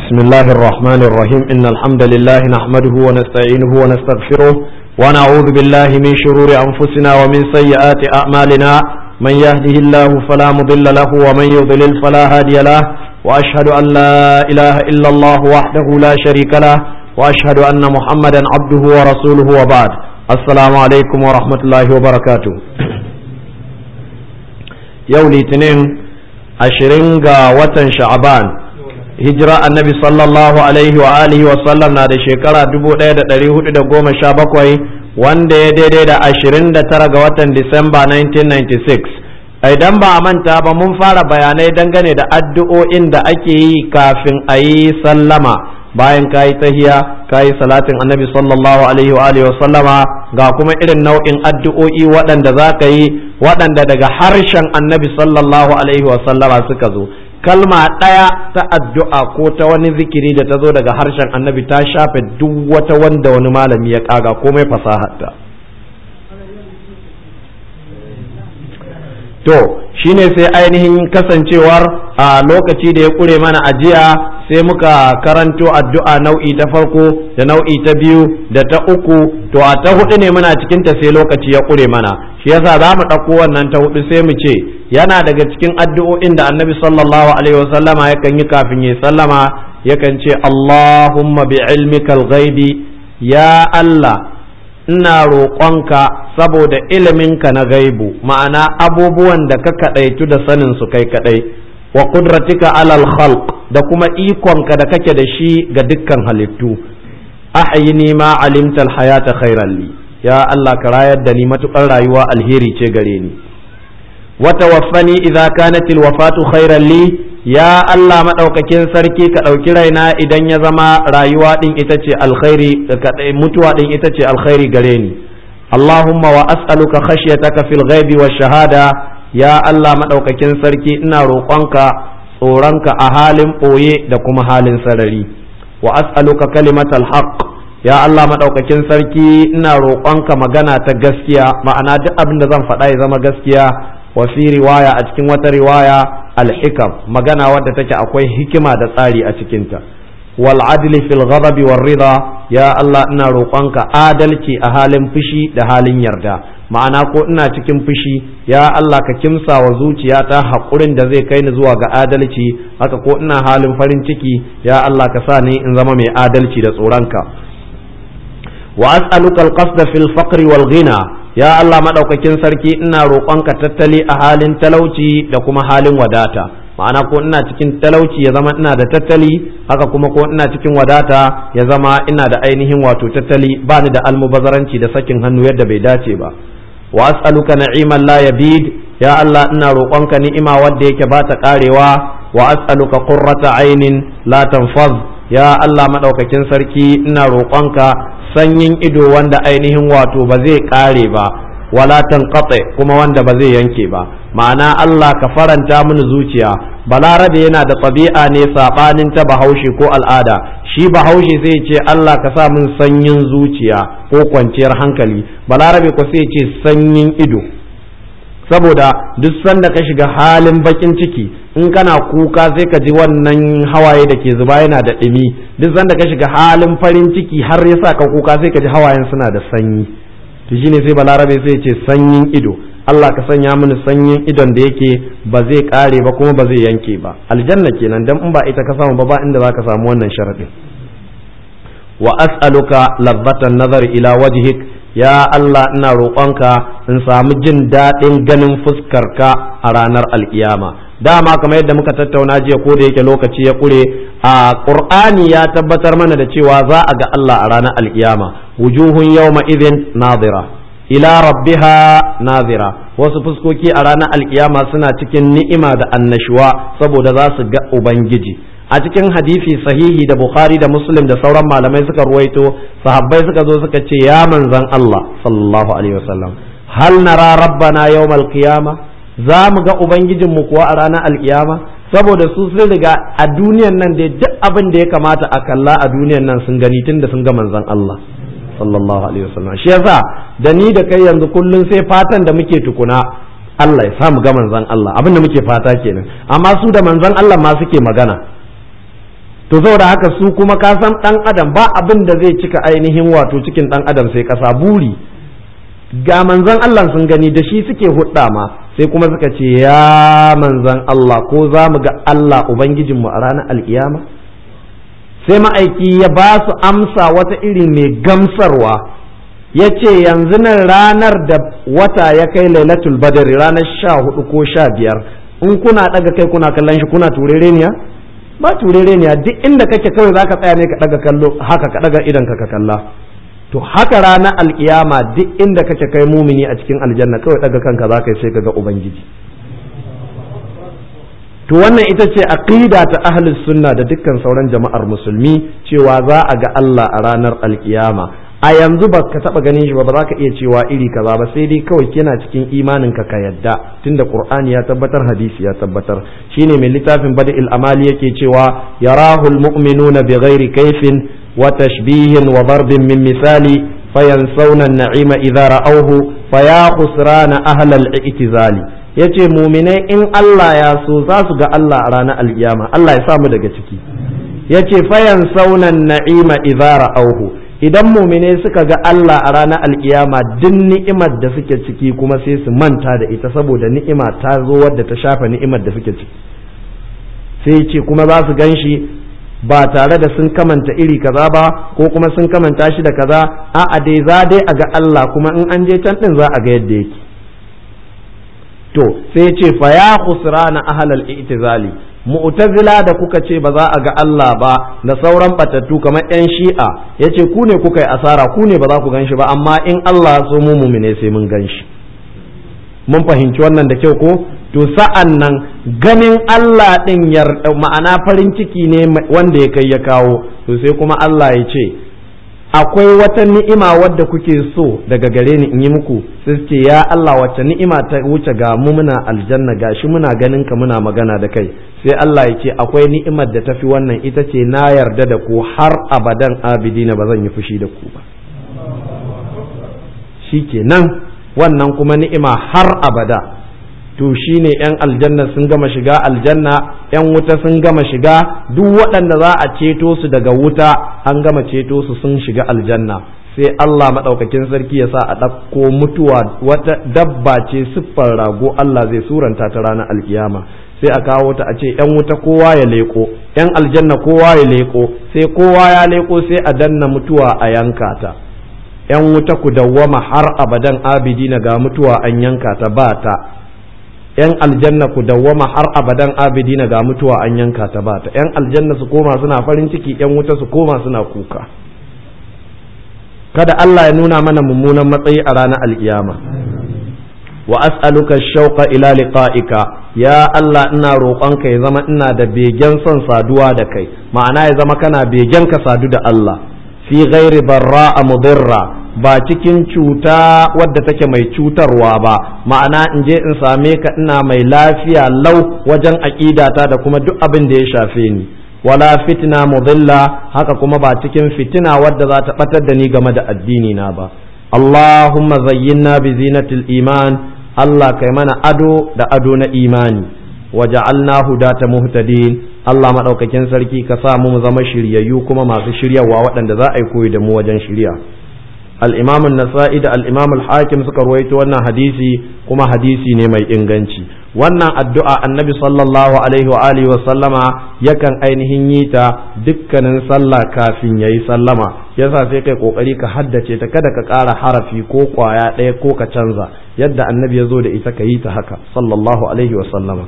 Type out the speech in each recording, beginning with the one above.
بسم الله الرحمن الرحيم إن الحمد لله نحمده ونستعينه ونستغفره ونعوذ بالله من شرور أنفسنا ومن سيئات أعمالنا من يهده الله فلا مضل له ومن يضلل فلا هادي له وأشهد أن لا إله إلا الله وحده لا شريك له وأشهد أن محمدا عبده ورسوله وبعد السلام عليكم ورحمة الله وبركاته يوم الاثنين عشرين وتن شعبان hijira annabi sallallahu alaihi wa alihi wa sallam na da shekara bakwai wanda ya daidai da da tara ga watan Disamba 1996 idan ba a manta ba mun fara bayanai dangane da addu'o'in da ake yi kafin a yi sallama bayan ka yi tahiya ka yi salatin annabi sallallahu alaihi wa alihi wa sallama ga kuma irin nau'in addu'o'i waɗanda za ka yi waɗanda daga harshen annabi sallallahu alaihi wa sallama suka zo kalma ɗaya ta addu'a ko ta wani zikiri da ta zo daga harshen annabi ta shafe duk wata wanda wani malami ya kaga komai fasaharta to shine sai ainihin kasancewar a lokaci da ya kure mana ajiya sai muka karanto addu'a nau'i ta farko da nau'i ta biyu da ta uku to a ta hudu ne muna cikin ta sai lokaci ya kure mana shi yasa za mu ɗauko wannan ta hudu sai mu ce yana daga cikin addu'o'in da annabi sallallahu alaihi wasallama kan yi kafin ya sallama ya kan ce allahumma bi ilmikal ghaibi ya allah ina roƙonka saboda iliminka na gaibu ma'ana abubuwan da ka kaɗaitu da sanin su kai kaɗai wa kudratika alal khalq da kuma ikonka da kake da shi ga dukkan halittu ahyini ma alimta hayata khairan li ya Allah ka rayar da ni matukar rayuwa alheri ce gare ni wa tawaffani idza kanat alwafatu khairan li ya Allah maɗaukakin sarki ka ɗauki raina idan ya zama rayuwa ɗin ita ce alkhairi mutuwa ɗin ita ce alkhairi gare ni Allahumma wa as'aluka khashyataka fil ghaibi wa shahada ya Allah maɗaukakin sarki ina roƙonka tsoronka a halin ɓoye da kuma halin sarari wa as'aluka kalimatal haqq ya Allah maɗaukakin sarki ina roƙonka magana ta gaskiya ma'ana duk abin da zan faɗa ya zama gaskiya wa fi riwaya a cikin wata riwaya alhikam magana wadda take akwai hikima da tsari a cikinta wal adli fil ghadabi war rida ya Allah ina roƙonka adalci a halin fushi da halin yarda ma'ana ko ina cikin fushi ya Allah ka kimsa wa zuciyata haƙurin da zai kai ni zuwa ga adalci haka ko ina halin farin ciki ya Allah ka sa ni in zama mai adalci da tsoronka wa as'aluka al-qasda fil faqri wal ghina ya Allah maɗaukakin sarki ina roƙonka tattali a halin talauci da kuma halin wadata ma'ana ko ina cikin talauci ya zama ina da tattali haka kuma ko ina cikin wadata ya zama ina da ainihin wato tattali ba ni da almubazaranci da sakin hannu yadda bai dace ba wa as'aluka na'iman la yabid ya Allah ina roƙonka ni'ima wadda yake ba ta ƙarewa wa as'aluka qurrata ainin la tanfaz ya Allah madaukakin sarki ina roƙonka sanyin ido wanda ainihin wato ba zai kare ba wala tanqati kuma wanda ba zai yanke ba ma'ana Allah ka faranta mini zuciya balarabe yana da tabi'a ne sabanin ta bahaushe ko al'ada shi bahaushe sai ce Allah ka sa min sanyin zuciya ko kwanciyar hankali balarabe ko sai ce sanyin ido saboda duk sanda ka shiga halin bakin ciki in kana kuka sai ka ji wannan hawaye da ke zuba yana da ɗumi duk sanda ka shiga halin farin ciki har ya sa ka kuka sai ka ji hawayen suna da sanyi to shine sai balarabe sai ce sanyin ido Allah ka sanya mini sanyin idon da yake ba zai kare ba kuma ba zai yanke ba aljanna kenan dan in ba ita ka samu ba ba inda zaka samu wannan sharadin wa as'aluka lazzatan nazar ila wajhik ya Allah ina roƙonka in samu jin daɗin ganin fuskarka a ranar alkiyama dama kamar yadda muka tattauna jiya ko da yake lokaci ya kure a qur'ani ya tabbatar mana da cewa za a ga Allah a ranar alkiyama wujuhun yawma idhin nadira ila rabbiha nadira wasu fuskoki a ranar alkiyama suna cikin ni'ima da annashuwa saboda za su ga ubangiji a cikin hadisi sahihi da bukhari da muslim da sauran malamai suka ruwaito sahabbai suka zo suka ce ya manzan Allah sallallahu alaihi wasallam hal nara rabbana yawmal qiyamah za mu ga ubangijinmu kuwa a ranar alkiyama saboda su sun riga a duniyan nan da duk abin da ya kamata a kalla a duniyan nan sun gani tun da sun ga manzon Allah sallallahu alaihi wasallam shi yasa da ni da kai yanzu kullun sai fatan da muke tukuna Allah ya sa mu ga manzon Allah abin da muke fata kenan amma su da manzon Allah ma suke magana to saboda haka su kuma ka san dan adam ba abin da zai cika ainihin wato cikin dan adam sai kasa buri ga manzon Allah sun gani da shi suke hudda ma sai kuma suka ce ya manzan Allah ko za mu ga Allah Ubangijinmu a ranar al'iyama sai ma'aiki ya ba su amsa wata iri mai gamsarwa ya ce yanzu nan ranar da wata ya kai lailatul Badar ranar sha hudu ko sha biyar in kuna ɗaga kai kuna kallon shi kuna turereniya ba turereniya duk inda kake kawai za ka tsaya ne ka ɗaga kallo haka ka ɗaga idan ka kalla to haka ranar alkiyama duk inda kake kai mumini a cikin aljanna kawai daga kanka za ka sai ka ga ubangiji to wannan ita ce aqida ta ahlus sunna da dukkan sauran jama'ar musulmi cewa za a ga Allah a ranar alkiyama a yanzu ba ka taba ganin shi ba za ka iya cewa iri kaza ba sai dai kawai kina cikin imanin ka ka yadda tunda qur'ani ya tabbatar hadisi ya tabbatar shine mai littafin bada'il amali yake cewa yarahul mu'minuna bighairi kaifin وتشبيه وضرب من مثال فينسون النعيم إذا رأوه فيا خسران أهل الاعتزال yace muminai in Allah ya so su ga Allah a ranar alkiyama Allah ya samu daga ciki yace fayan saunan na'ima idara idan muminai suka ga Allah a ranar alkiyama duk ni'imar da suke ciki kuma sai su manta da ita saboda ni'ima ta zo wadda ta shafa ni'imar da suke ciki sai ce kuma za su gan shi ba tare da sun kamanta iri kaza ba ko kuma sun kamanta shi da kaza a'a dai za dai a ga Allah kuma in an je can din za a ga yadda yake to sai ce fa ya khusrana ahlal i'tizali mu'tazila da kuka ce ba za a ga Allah ba da sauran batattu kamar yan shi'a yace ku ne kuka yi asara ku ne ba za ku ganshi ba amma in Allah so mu mumine sai mun ganshi mun fahimci wannan da kyau ko to sa'an nan ganin Allah ɗin yarda ma'ana farin ciki ne wanda ya kai ya kawo to sai kuma Allah ya ce akwai wata ni'ima wadda kuke so daga gare ni in yi muku sai ce ya Allah wacce ni'ima ta wuce ga mu muna aljanna ga shi muna ganin ka muna magana da kai sai Allah ya ce akwai ni'imar da tafi wannan ita ce na yarda da ku har abadan abidina ba zan yi fushi da ku ba shikenan wannan kuma ni'ima har abada to shi ne yan aljanna sun gama shiga aljanna yan wuta sun gama shiga duk waɗanda za a ceto su daga wuta an gama ceto su sun shiga aljanna sai Allah maɗaukakin sarki ya sa a ɗauko mutuwa wata dabba ce siffar rago Allah zai suranta ta ranar alkiyama sai a kawo ta a ce ‘yan wuta kowa ya leko ‘yan aljanna kowa ya leko sai kowa ya leko sai a danna mutuwa a yanka ta ‘yan wuta ku dawwama har abadan abidi na ga mutuwa an yanka ta ba ta yan aljanna ku dawwama har abadan abidina ga mutuwa an yanka ta bata yan aljanna su koma suna farin ciki yan wuta su koma suna kuka kada Allah ya nuna mana mummunan matsayi a ranar alkiyama wa as'aluka shauqa ila liqa'ika ya Allah ina ka ya zama ina da begen son saduwa da kai ma'ana ya zama kana begen ka sadu da Allah fi ghairi barra'a mudirra ba cikin cuta wadda take mai cutarwa ba ma'ana in je in same ka ina mai lafiya lau wajen aƙidata da kuma duk abin da ya shafe ni wala fitna mudilla haka kuma ba cikin fitina wadda za ta batar da ni game da addini na ba allahumma zayyinna bi zinatil iman Allah kai mana ado da ado na imani waja'alna hudata muhtadin Allah madaukakin sarki ka sa mu zama shiryayyu kuma masu shiryawa waɗanda za a yi koyi da mu wajen shirya al-imam an-nasa'i da al hakim suka ruwaito wannan hadisi kuma hadisi ne mai inganci wannan addu'a annabi sallallahu alaihi wa alihi wa sallama yakan ainihin yita dukkanin sallah kafin yayi sallama yasa sai kai ƙoƙari ka haddace ta kada ka ƙara harafi ko kwaya ɗaya ko ka canza yadda annabi ya zo da ita ka yi ta haka sallallahu alaihi wa sallama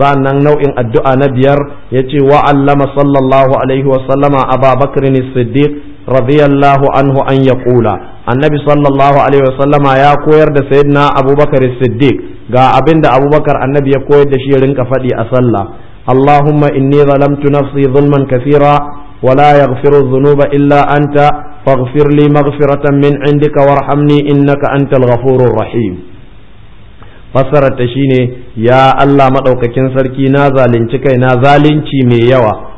sannan nau'in addu'a na biyar ya ce wa allama sallallahu alaihi wasallama ababakar siddiq radiyallahu anhu an ya kula annabi sallallahu alaihi wasallama ya koyar da sayyidina abubakar siddiq ga abinda abubakar annabi ya koyar da shi rinka faɗi a sallah اللهم إني ظلمت نفسي ظلما كثيرا ولا يغفر الذنوب إلا أنت فاغفر لي مغفرة من عندك وارحمني إنك أنت الغفور rahim. fassarar ta shine ya Allah madaukakin sarki na zalunci kai na zalunci mai yawa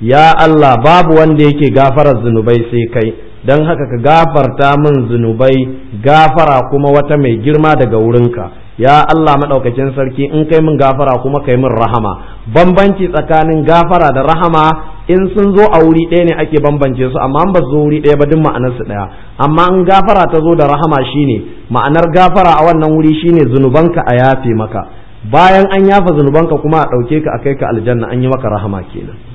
ya Allah babu wanda yake gafara zunubai sai kai don haka ka gafarta min zunubai gafara kuma wata mai girma daga wurinka ya Allah maɗaukacin sarki in kai min gafara kuma kai min rahama bambanci tsakanin gafara da rahama in sun zo a wuri ɗaya ne ake bambance su amma an ba zo wuri ɗaya ba duk ma'anar su ɗaya amma in gafara ta zo da rahama shine ma'anar gafara a wannan wuri shine zunubanka a yafe maka bayan an yafa zunubanka kuma a ɗauke ka a kai ka aljanna an yi maka rahama kenan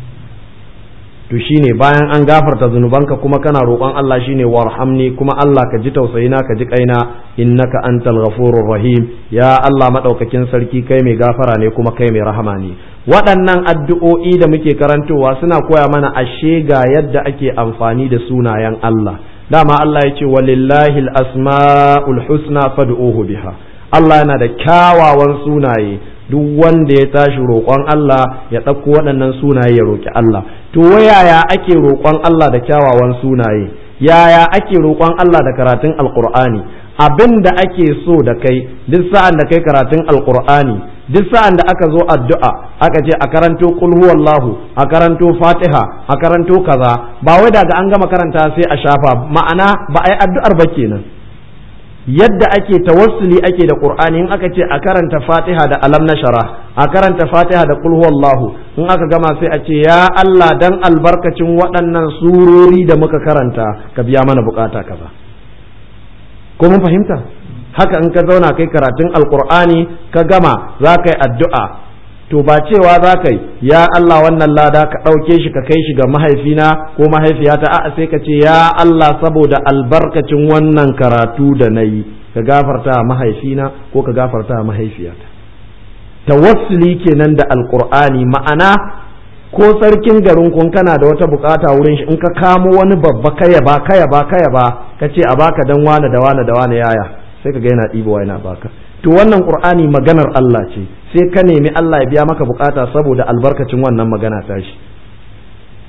to shine bayan an gafarta zunubanka kuma kana roƙon Allah shine warhamni kuma Allah ka ji tausayina ka ji kaina innaka antal ghafurur rahim ya Allah madaukakin sarki kai mai gafara ne kuma kai mai rahama ne waɗannan addu'o'i da muke karantowa suna koya mana ashe ga yadda ake amfani da sunayen Allah dama Allah ya ce walillahi asmaul husna fad'uhu biha Allah yana da kyawawan sunaye duk wanda ya tashi roƙon Allah ya ɗauko waɗannan sunaye ya roƙi Allah to yaya ake roƙon Allah da kyawawan sunaye yaya ake roƙon Allah da karatun alƙur'ani abin da ake so da kai duk sa'an da kai karatun alƙur'ani duk sa'an da aka zo addu'a aka ce a karanto qul huwallahu a karanto fatiha a karanto kaza ba wai daga an gama karanta sai a shafa ma'ana ba a yi addu'ar ba kenan yadda ake tawassuli ake da qur'ani in aka ce a karanta fatiha da alam nashara a karanta fatiha da qul huwallahu in aka gama sai a ce ya Allah dan albarkacin waɗannan surori da muka karanta ka biya mana bukata kaza ko mun fahimta haka in ka zauna kai karatun alqur'ani ka gama za ka yi addu'a to ba cewa za ka yi ya Allah wannan lada ka ɗauke shi ka kai shi ga mahaifina ko mahaifiyata a'a sai ka ce ya Allah saboda albarkacin wannan karatu da na yi ka gafarta mahaifina ko ka gafarta mahaifiyata tawassuli kenan da alkur'ani ma'ana ko sarkin garin kun kana da wata bukata wurin shi in ka kamo wani babba kaya ba kaya ba kaya ba ka ce a baka dan wane da wane da wane yaya sai ka ga yana ɗibowa yana baka to wannan qur'ani maganar Allah ce sai ka nemi Allah ya biya maka bukata saboda albarkacin wannan magana ta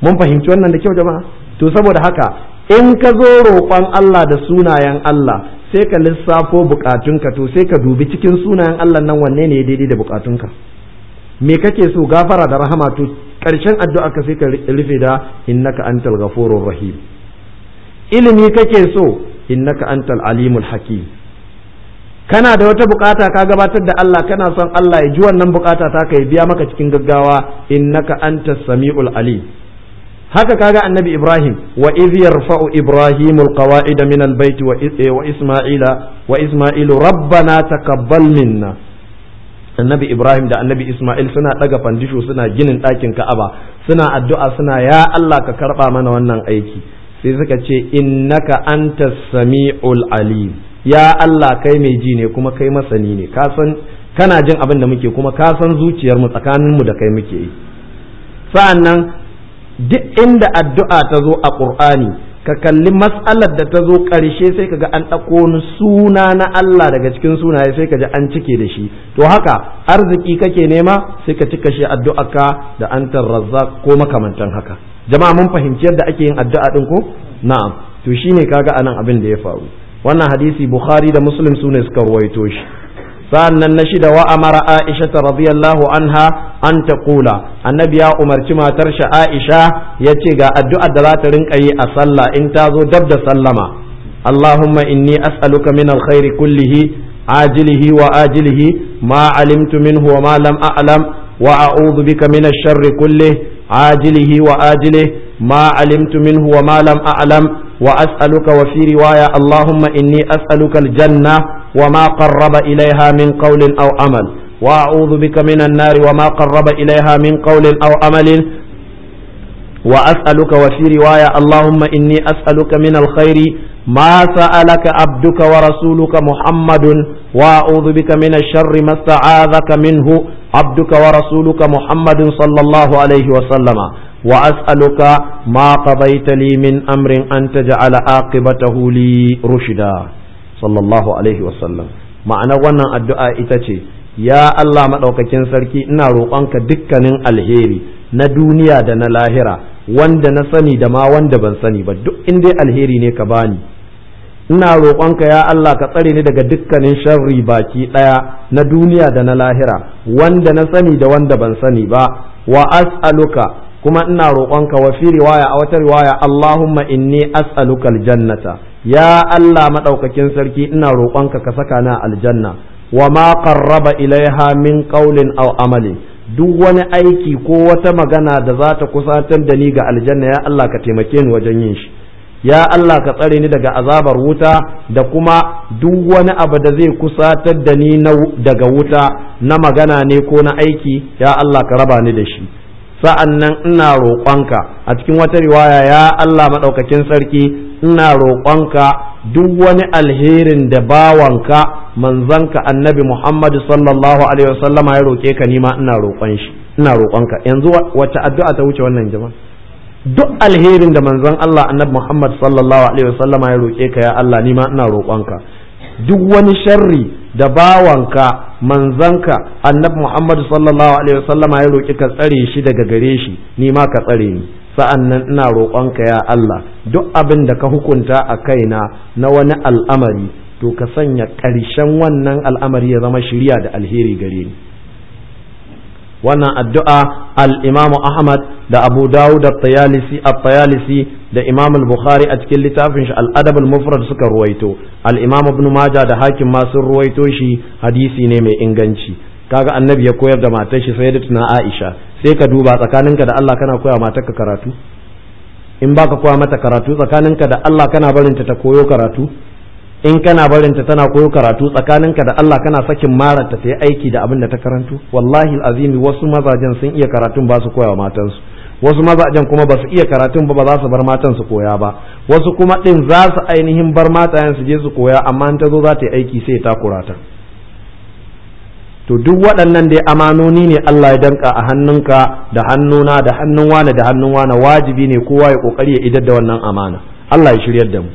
mun fahimci wannan da kyau jama'a to saboda haka in ka zo roƙon Allah da sunayen Allah sai ka lissafo bukatunka to sai ka dubi cikin sunayen Allah nan wanne ne daidai da bukatunka me kake so gafara da rahama to karshen addu'a ka sai ka rufe da innaka antal ghafurur rahim ilimi kake so innaka antal alimul hakim kana da wata bukata ka gabatar da Allah kana son Allah ya ji wannan bukata ta ka biya maka cikin gaggawa innaka antas samiul ali haka kaga annabi ibrahim wa idh yarfa'u ibrahim alqawa'ida min albayt eh, wa isma'ila wa isma'ilu rabbana taqabbal minna annabi ibrahim da annabi isma'il suna daga fandisho suna ginin ɗakin ka'aba suna addu'a suna ya allah ka karba mana wannan aiki sai suka ce innaka anta sami'ul alim ya Allah kai mai ji ne kuma kai masani ne ka san kana jin abin da muke kuma ka san zuciyar mu tsakanin mu da kai muke yi sa'annan duk inda addu'a ta zo a Qur'ani ka kalli mas'alar da ta zo karshe sai kaga an dako ni suna na Allah daga cikin sunaye sai ka an cike da shi to haka arziki kake nema sai ka cika shi addu'arka da antar razzaq ko makamantan haka jama'a mun fahimci yadda ake yin addu'a din ko na'am to shine kaga anan abin da ya faru wannan hadisi bukhari da muslim su ne suka ruwaito shi sa'annan na shida wa amara aisha ta radiyallahu anha an ta kula annabi ya umarci matar aisha ya ce ga addu'ar da za ta rinka yi a sallah in ta zo dab da sallama allahumma inni as'aluka min alkhairi kullihi ajilihi wa ajilihi ma alimtu minhu wa ma lam a'lam wa a'udhu bika min ash-sharri kullihi ajilihi wa ajilihi ma alimtu minhu wa ma lam a'lam وأسألك وفي رواية اللهم إني أسألك الجنة وما قرب إليها من قول أو عمل وأعوذ بك من النار وما قرب إليها من قول أو عمل وأسألك وفي رواية اللهم إني أسألك من الخير ما سألك عبدك ورسولك محمد وأعوذ بك من الشر ما استعاذك منه عبدك ورسولك محمد صلى الله عليه وسلم wa aluka ma qadaita li min amrin an taj'ala aqibatahu li rushda sallallahu alaihi wasallam ma'ana wannan addu'a ita ce ya Allah maɗaukakin sarki ina roƙonka dukkanin alheri na duniya da na lahira wanda na sani da ma wanda ban sani ba duk in dai alheri ne ka bani ina roƙonka ya Allah ka tsare ni daga dukkanin sharri baki ɗaya na duniya da na lahira wanda na sani da wanda ban sani ba wa aluka. kuma ina roƙonka wa fi riwaya a wata riwaya Allahumma inni as'aluka aljannata ya Allah madaukakin sarki ina roƙonka ka saka na aljanna wa ma qarraba ilaiha min qawlin aw amalin duk wani aiki ko wata magana da za ta kusantar da ni ga aljanna ya Allah ka taimake ni wajen yin shi ya Allah ka tsare ni daga azabar wuta da kuma duk wani abu da zai kusatar da ni daga wuta na magana ne ko na aiki ya Allah ka raba ni da shi sa'an nan ina roƙonka a cikin wata riwaya ya Allah maɗaukakin sarki ina roƙonka duk wani alherin da bawanka manzanka annabi Muhammadu sallallahu alaihi wasallama ya roƙe ka nima ina roƙon shi ina roƙonka yanzu wacce addu'a ta wuce wannan jama'a duk alherin da manzan Allah annabi Muhammad sallallahu alaihi wasallama ya roƙe ka ya Allah nima ina roƙonka duk wani sharri da bawanka manzanka annabi Muhammad sallallahu alaihi wasallam ya roki ka tsare shi daga gare shi ni ma ka tsare ni sa'annan ina roƙonka ya Allah duk abin da ka hukunta a kaina na wani al'amari to ka sanya ƙarshen wannan al'amari ya zama shirya da alheri gare ni wannan addu'a al imamu Ahmad da Abu Dawud da tayalisi at da Imam al-Bukhari a cikin littafin shi al-Adab al-Mufrad suka ruwaito al-Imam Ibn Majah da Hakim ma sun ruwaito shi hadisi ne mai inganci kaga annabi ya koyar da matar shi sayyidatuna Aisha sai ka duba tsakaninka da Allah kana koya matarka karatu in baka koya mata karatu tsakaninka da Allah kana barinta ta koyo karatu in kana barin ta tana koyo karatu tsakanin ka da Allah kana sakin mara ta yi aiki da abin da ta karantu wallahi azimi wasu mazajen sun iya karatun ba su koya matansu wasu mazajen kuma ba su iya karatun ba ba za su bar matan su koya ba wasu kuma din za su ainihin bar matayen su je su koya amma in ta zo za ta yi aiki sai ta kurata to duk waɗannan dai amanoni ne Allah ya danka a hannunka da hannuna da hannun wani da hannun wani wajibi ne kowa ya kokari ya idar da wannan amana Allah ya shiryar da mu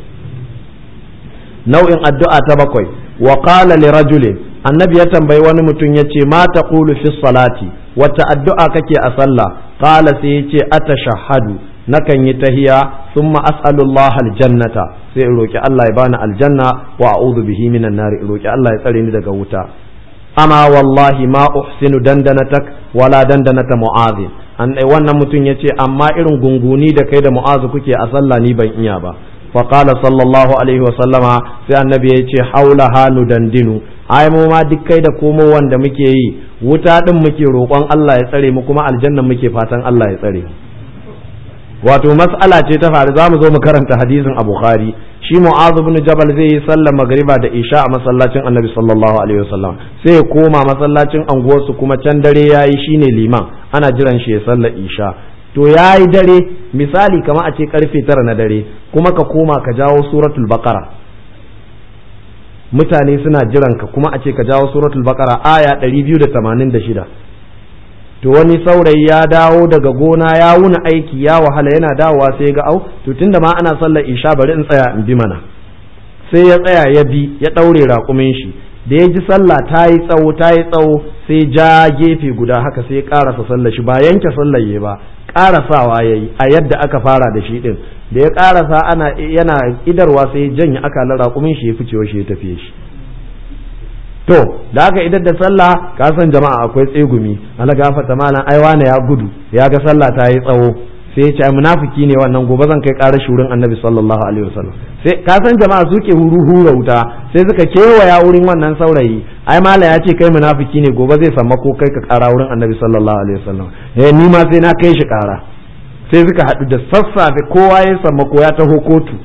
nau'in addu'a ta bakwai wa qala li rajulin annabi ya tambayi wani mutum yace ma taqulu fi salati wata addu'a kake a sallah qala sai yace atashahhadu nakan yi tahiya thumma Allah aljannata sai in roki Allah ya bani aljanna wa a'udhu bihi minan nar in roki Allah ya tsare ni daga wuta Ana wallahi ma uhsinu dandanatak wala dandanata mu'adhin an wannan mutum yace amma irin gunguni da kai da mu'azu kuke a sallah ni ban iya ba fa qala wa sallama sai annabi ya ce haula hanu dandinu ai mu ma duk kai da komo wanda muke yi wuta din muke roƙon Allah ya tsare mu kuma aljanna muke fatan Allah ya tsare wato mas'ala ce ta faru zamu zo mu karanta hadisin a Bukhari shi Mu'adh ibn Jabal zai yi sallar magariba da Isha a masallacin Annabi sallallahu alaihi wasallam sai ya koma masallacin unguwarsu kuma can dare yayi shine liman ana jiran shi ya sallar Isha to ya yi dare misali kama a ce karfe tara na dare kuma ka koma ka jawo suratul bakara mutane suna jiran ka kuma a ce ka jawo suratul bakara aya ɗari biyu da tamanin da shida to wani saurayi ya dawo daga gona ya wuna aiki ya wahala yana dawowa sai ga au to tunda ma ana sallar isha bari in tsaya in bi mana sai ya tsaya ya bi ya ɗaure raƙumin shi da ya ji sallah ta yi tsawo ta yi tsawo sai ja gefe guda haka sai ya ƙarasa sallar shi ba yanke sallar ya ba ƙarasawa ya yi a yadda aka fara da shi ɗin da ya karasa ana yana idarwa sai janye akalar raƙumin shi ya fice shi ya tafiye shi to da aka idar da sallah ka san jama'a akwai tsegumi ala gafata malam ai wane ya gudu ya ga sallah ta yi tsawo sai ya ce munafiki ne wannan gobe zan kai karashi shurin annabi sallallahu alaihi wasallam sai ka san jama'a suke huru hura wuta sai suka kewaya wurin wannan saurayi ai mala ya ce kai munafiki ne gobe zai samu ko kai ka kara wurin annabi sallallahu alaihi wasallam eh ni ma sai na kai shi kara sai suka haɗu da sassafe kowa ya samu ko ya taho kotu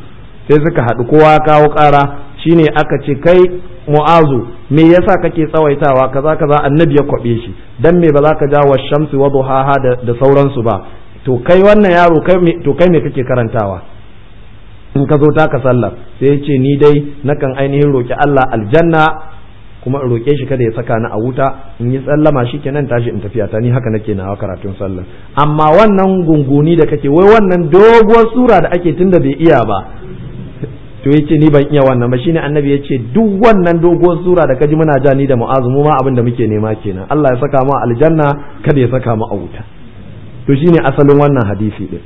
sai suka haɗu kowa ya kawo kara shine aka ce kai mu'azu me yasa kake tsawaitawa kaza kaza annabi ya kwabe shi dan me ba za ka ja wa shamsi wa duhaha da sauransu ba to kai wannan yaro to kai me kake karantawa in ka zo taka sallar sai ya ce ni dai nakan ainihin roki Allah aljanna kuma in roke shi kada ya saka ni a wuta in yi sallama shi kenan tashi in tafiya ta ni haka nake nawa karatun sallar amma wannan gunguni da kake wai wannan doguwar sura da ake tunda bai iya ba to yace ni ban iya wannan ba shine annabi yace duk wannan doguwar sura da kaji muna ja ni da mu'azu mu ma abin da muke nema kenan Allah ya saka mu aljanna kada ya saka mu a wuta to shine asalin wannan hadisi din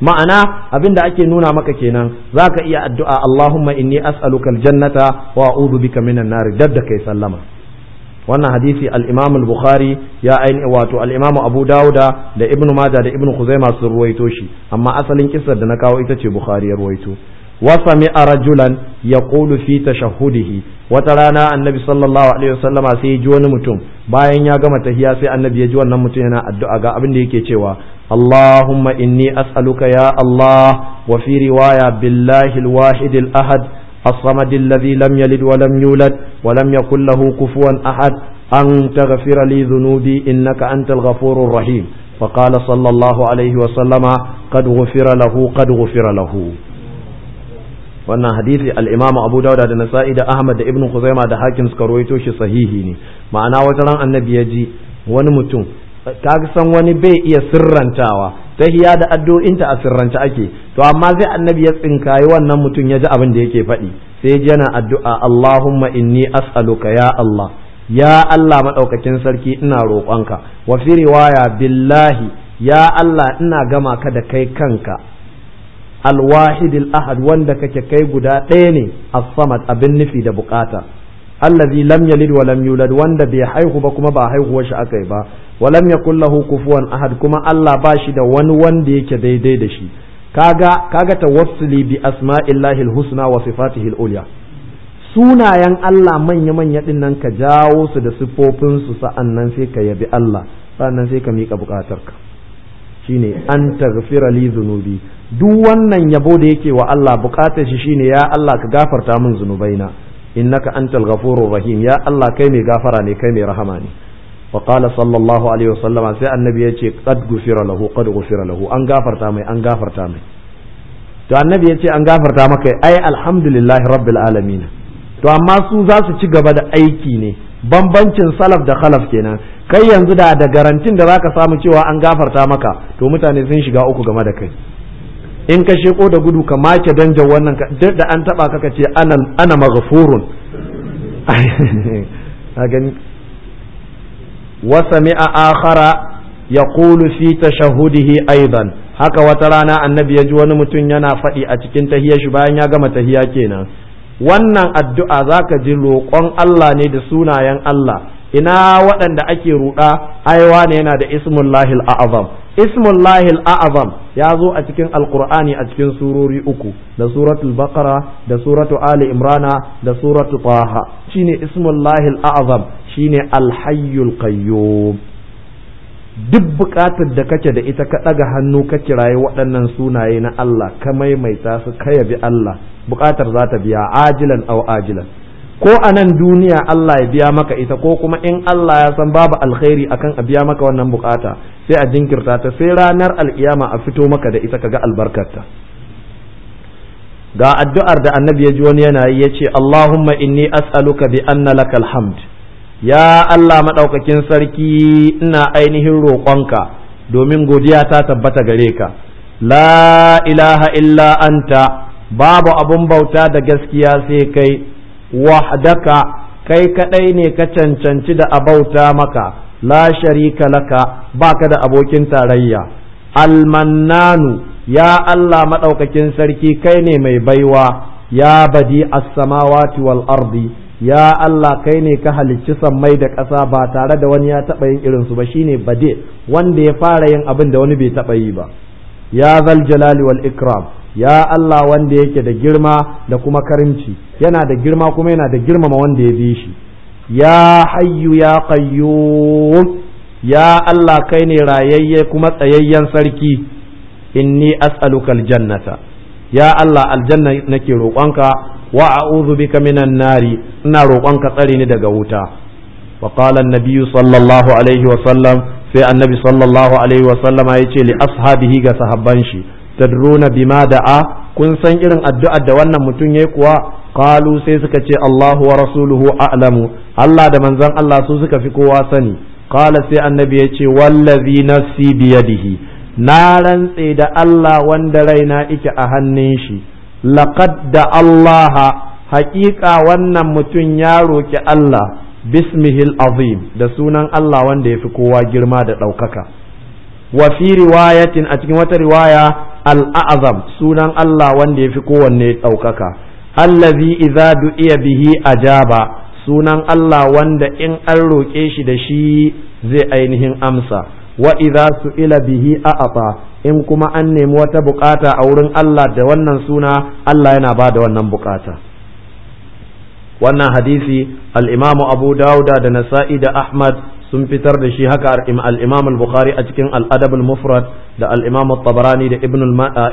ma'ana abin da ake nuna maka kenan za ka iya addu'a Allahumma inni as'aluka aljannata wa a'udhu bika minan nar dab da kai sallama wannan hadisi al-Imam al-Bukhari ya aini wato al-Imam Abu Dawuda da Ibn Majah da Ibn Khuzaimah sun ruwaito shi amma asalin kissar da na kawo ita ce Bukhari ya ruwaito wa sami'a rajulan yaqulu fi tashahhudihi wata rana annabi sallallahu alaihi wasallama sai ya wani mutum bayan ya gama tahiya sai annabi ya wannan mutum yana addu'a ga abin da yake cewa Allahumma inni as'aluka ya Allah wa fi riwaya billahi ahad as-samad alladhi lam yalid wa lam yulad wa lam yakul lahu kufuwan ahad an taghfira li dhunubi innaka antal ghafurur rahim فقال صلى الله عليه وسلم قد غفر له قد غفر له wannan hadisi al-Imam Abu Dawud da Nasa'i da Ahmad da Ibn Khuzaimah da Hakim suka rawaito shi sahihi ne ma'ana wata ran annabi ya ji wani mutum ka san wani bai iya sirrantawa sai ya da addu'inta a sirrance ake to amma sai annabi ya tsinkayi wannan mutum ya ji abin da yake faɗi sai ji yana addu'a Allahumma inni as'aluka ya Allah ya Allah madaukakin sarki ina roƙonka wa fi riwaya billahi ya Allah ina gama ka da kai kanka Alwahidil ahad wanda kake kai guda ɗaya ne as-samad abin nufi da bukata allazi lam yalid wa lam wanda bai haihu ba kuma ba haihuwar shi aka akai ba wa lam yakul lahu kufuwan ahad kuma Allah ba shi da wani wanda yake daidai da shi kaga kaga tawassuli bi asma'illahi al-husna wa sifatihi al-ulya sunayen Allah manya manya din ka jawo su da siffofin su sa'annan sai ka yabi Allah sa'annan sai ka mika buƙatarka. shine an taghfira li dhunubi duk wannan yabo da yake wa Allah bukatar shi shine ya Allah ka gafarta min zunubaina innaka antal ghafurur rahim ya Allah kai mai gafara ne kai mai rahama ne wa qala sallallahu alaihi wasallam sai annabi yace qad gufira lahu qad gufira lahu an gafarta mai an gafarta mai to annabi yace an gafarta maka ai alhamdulillahi rabbil alamin to amma su za su ci gaba da aiki ne bambancin salaf da khalaf kenan kai yanzu da da garantin da zaka samu cewa an gafarta maka to mutane sun shiga uku game da kai in ka sheko da gudu ka make danjan wannan duk da an taba ka ce ana ana maghfurun sami'a akhara yaqulu fi tashahudihi aidan haka wata rana annabi ya ji wani mutum yana faɗi a cikin tahiyar shi bayan ya gama tahiya kenan wannan addu'a zaka ji roƙon Allah ne da sunayen Allah ina waɗanda ake ruɗa aiwa ne yana da a'azam ismun lahil A'azam ya zo a cikin alqur'ani a cikin surori uku da suratul baqara da suratu ali imrana da suratu taha shine A'azam shi shine alhayyul qayyum duk buƙatar da kake da ita ka ɗaga hannu ka kiraye waɗannan sunaye na Allah ka maimaita su ka yabi Allah buƙatar za ta biya ajilan au ajilan ko a nan duniya Allah ya biya maka ita ko kuma in Allah ya san babu alkhairi akan a biya maka wannan bukata sai a jinkirta ta sai ranar alkiyama a fito maka da ita kaga albarkarta ga addu'ar da annabi ya ji wani yana yi yace Allahumma inni as'aluka bi anna lakal hamd ya Allah madaukakin sarki ina ainihin roƙonka domin godiya ta tabbata gare ka la ilaha illa anta babu abun bauta da gaskiya sai kai wahdaka kai kadai ne ka cancanci da abauta maka la sharika laka baka da abokin tarayya almannanu ya Allah madaukakin sarki kai ne mai baiwa ya badi as-samawati wal ardi ya Allah kai ne ka halicci sammai da ƙasa ba tare da wani ya taɓa yin irin su ba shine bade wanda ya fara yin abin da wani bai taɓa yi ba ya zal jalali wal ikram ya Allah wanda yake da girma da kuma karimci yana da girma kuma yana da girmama wanda ya bi shi ya hayyu ya qayyum ya Allah kai ne rayayye kuma tsayayyen sarki inni as'aluka aljannata ya Allah aljanna nake roƙonka wa a'udhu bika minan nari ina roƙonka tsare ni daga wuta wa qala an-nabiy sallallahu alaihi wa sallam sai annabi sallallahu alaihi wa sallama yace li ashabihi ga sahabban shi tadruna bima da'a kun san irin addu'ar da wannan mutum yayi kuwa qalu sai suka ce Allahu wa rasuluhu a'lamu Allah da manzon Allah su suka fi kowa sani qala sai annabi ya ce wallazi nafsi yadihi na rantse da Allah wanda raina yake a hannun shi laqad da Allah haƙiƙa wannan mutum ya roki Allah bismihil azim da sunan Allah wanda ya fi kowa girma da ɗaukaka wa fi riwayatin a cikin wata riwaya al-a'zam sunan Allah wanda ya fi kowanne ɗaukaka allazi idza du'iya bihi ajaba sunan Allah wanda in an roke shi da shi zai ainihin amsa wa idza su'ila bihi a'ata in kuma an nemi wata bukata a wurin Allah da wannan suna Allah yana ba da wannan bukata wannan hadisi al-imamu abu dauda da nasa'i da ahmad sun fitar da shi haka al-imam al-bukhari a cikin al-adab al-mufrad da al-imam at-tabarani da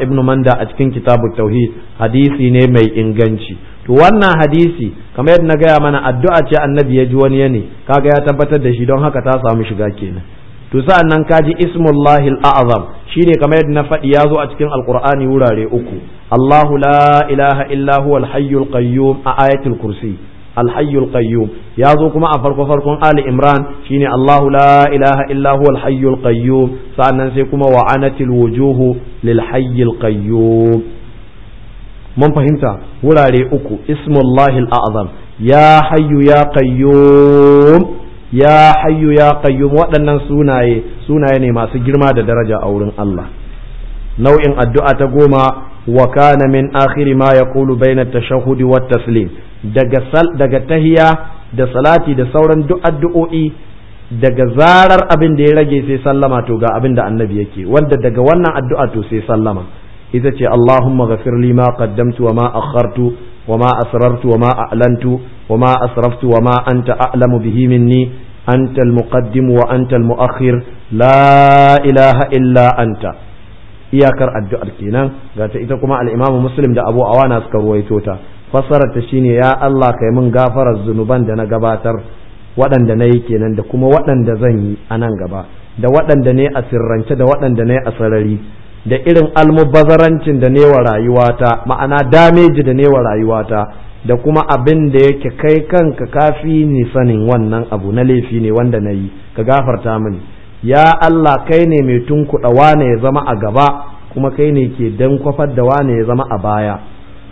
ibn manda a cikin kitabut tauhid hadisi ne mai inganci to wannan hadisi kamar yadda na gaya mana addu'a ce annabi ya ji wani yane kaga ya tabbatar da shi don haka ta samu shiga kenan to sa'an nan kaji ismullahi al-a'zam shine kamar yadda na faɗi ya zo a cikin alkur'ani wurare uku Allahu la ilaha illa huwal hayyul qayyum a ayatul kursi alhayyul qayyum ya zo kuma a farko farkon ali imran shine allahu la ilaha illa huwa alhayyul qayyum sannan sai kuma wa anatil wujuhu lil qayyum mun fahimta wurare uku ismullahi al'azam ya hayyu ya qayyum ya hayyu ya qayyum waɗannan sunaye sunaye ne masu girma da daraja a wurin Allah nau'in addu'a ta goma wa kana min akhiri ma yaqulu bayna at-tashahhud wa taslim daga sal daga tahiya da salati da sauran duk addu'o'i daga zarar abin da ya rage sai sallama to ga abin da annabi yake wanda daga wannan addu'a to sai sallama ita ce Allahumma ghafir li ma qaddamtu wa ma akhartu wa ma asrartu wa ma a'lantu wa ma asraftu wa ma anta a'lamu bihi minni anta al-muqaddim wa anta al-mu'akhir la ilaha illa anta iyakar addu'ar kenan ga ta ita kuma al-Imam Muslim da Abu Awana suka ruwaito ta fassarar ta shine ya Allah kai mun gafarar zunuban da na gabatar waɗanda na yi kenan da kuma waɗanda zan yi a nan gaba da waɗanda ne a sirrance da waɗanda ne a sarari da irin almubazarancin da ne wa rayuwata ma'ana dameji da ne wa rayuwata da kuma abin da yake kai kanka kafi ni sanin wannan abu na laifi ne wanda na yi ka gafarta min. ya Allah kai ne mai tunkuɗa wane ya zama a gaba kuma kai ne ke dan kwafar da wane ya zama a baya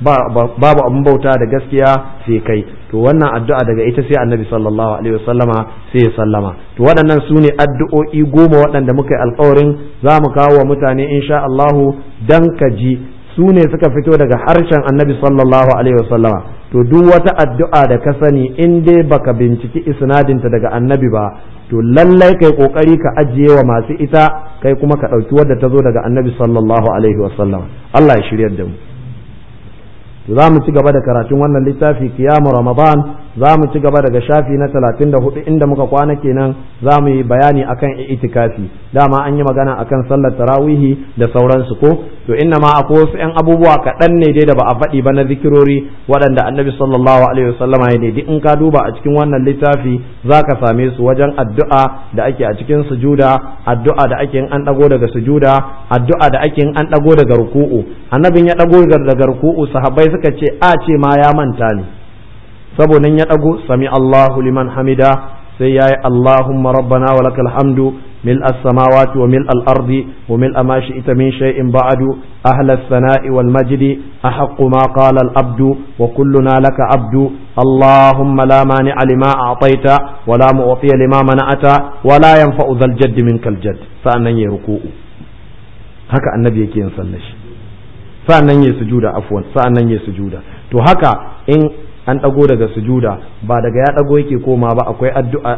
babu abin bauta da gaskiya sai kai to wannan addu'a daga ita sai annabi sallallahu alaihi wasallama sai ya sallama to waɗannan su ne addu'o'i goma waɗanda muka yi alƙawarin, za mu kawo wa mutane insha Allahu dan ka ji su ne suka fito daga harshen annabi sallallahu alaihi wasallama to duk wata addu'a da ka sani in dai baka binciki isnadinta daga annabi ba to lallai kai kokari ka ajiye wa masu ita kai kuma ka ɗauki wadda ta zo daga annabi sallallahu alaihi wasallama Allah ya shiryar da mu za mu ci gaba da karatun wannan littafi kiyamu ramadan za mu ci gaba daga shafi na talatin da hudu inda muka kwana kenan za mu yi bayani akan itikafi dama an yi magana akan sallar tarawihi da sauransu ko to inna ma akwai wasu yan abubuwa kaɗan ne dai da ba a faɗi ba na zikirori waɗanda annabi sallallahu alaihi wasallam ya ne in ka duba a cikin wannan littafi za ka same su wajen addu'a da ake a cikin sujuda addu'a da ake an ɗago daga sujuda addu'a da ake an ɗago daga ruku'u annabin ya ɗago daga ruku'u sahabbai suka ce a ce ma ya manta ne sabonin ya ɗago sami Allahu liman hamida sai ya yi Allahumma rabbana wa lakal hamdu mil as-samawati wa mil al-ardi wa mil amashi ita min shay'in ba'adu ahla as-sana'i wal majdi ahaqqu ma qala abdu wa kulluna laka abdu Allahumma la mani alima a'tayta wa la mu'ti lima mana'ata wa la yanfa'u dhal jaddi minka al-jadd sa'annan ya ruku'u haka annabi yake yin sallah shi sa'annan ya sujuda afwan sa'annan ya sujuda to haka in an ɗago daga sujuda ba daga ya ɗago yake koma ba akwai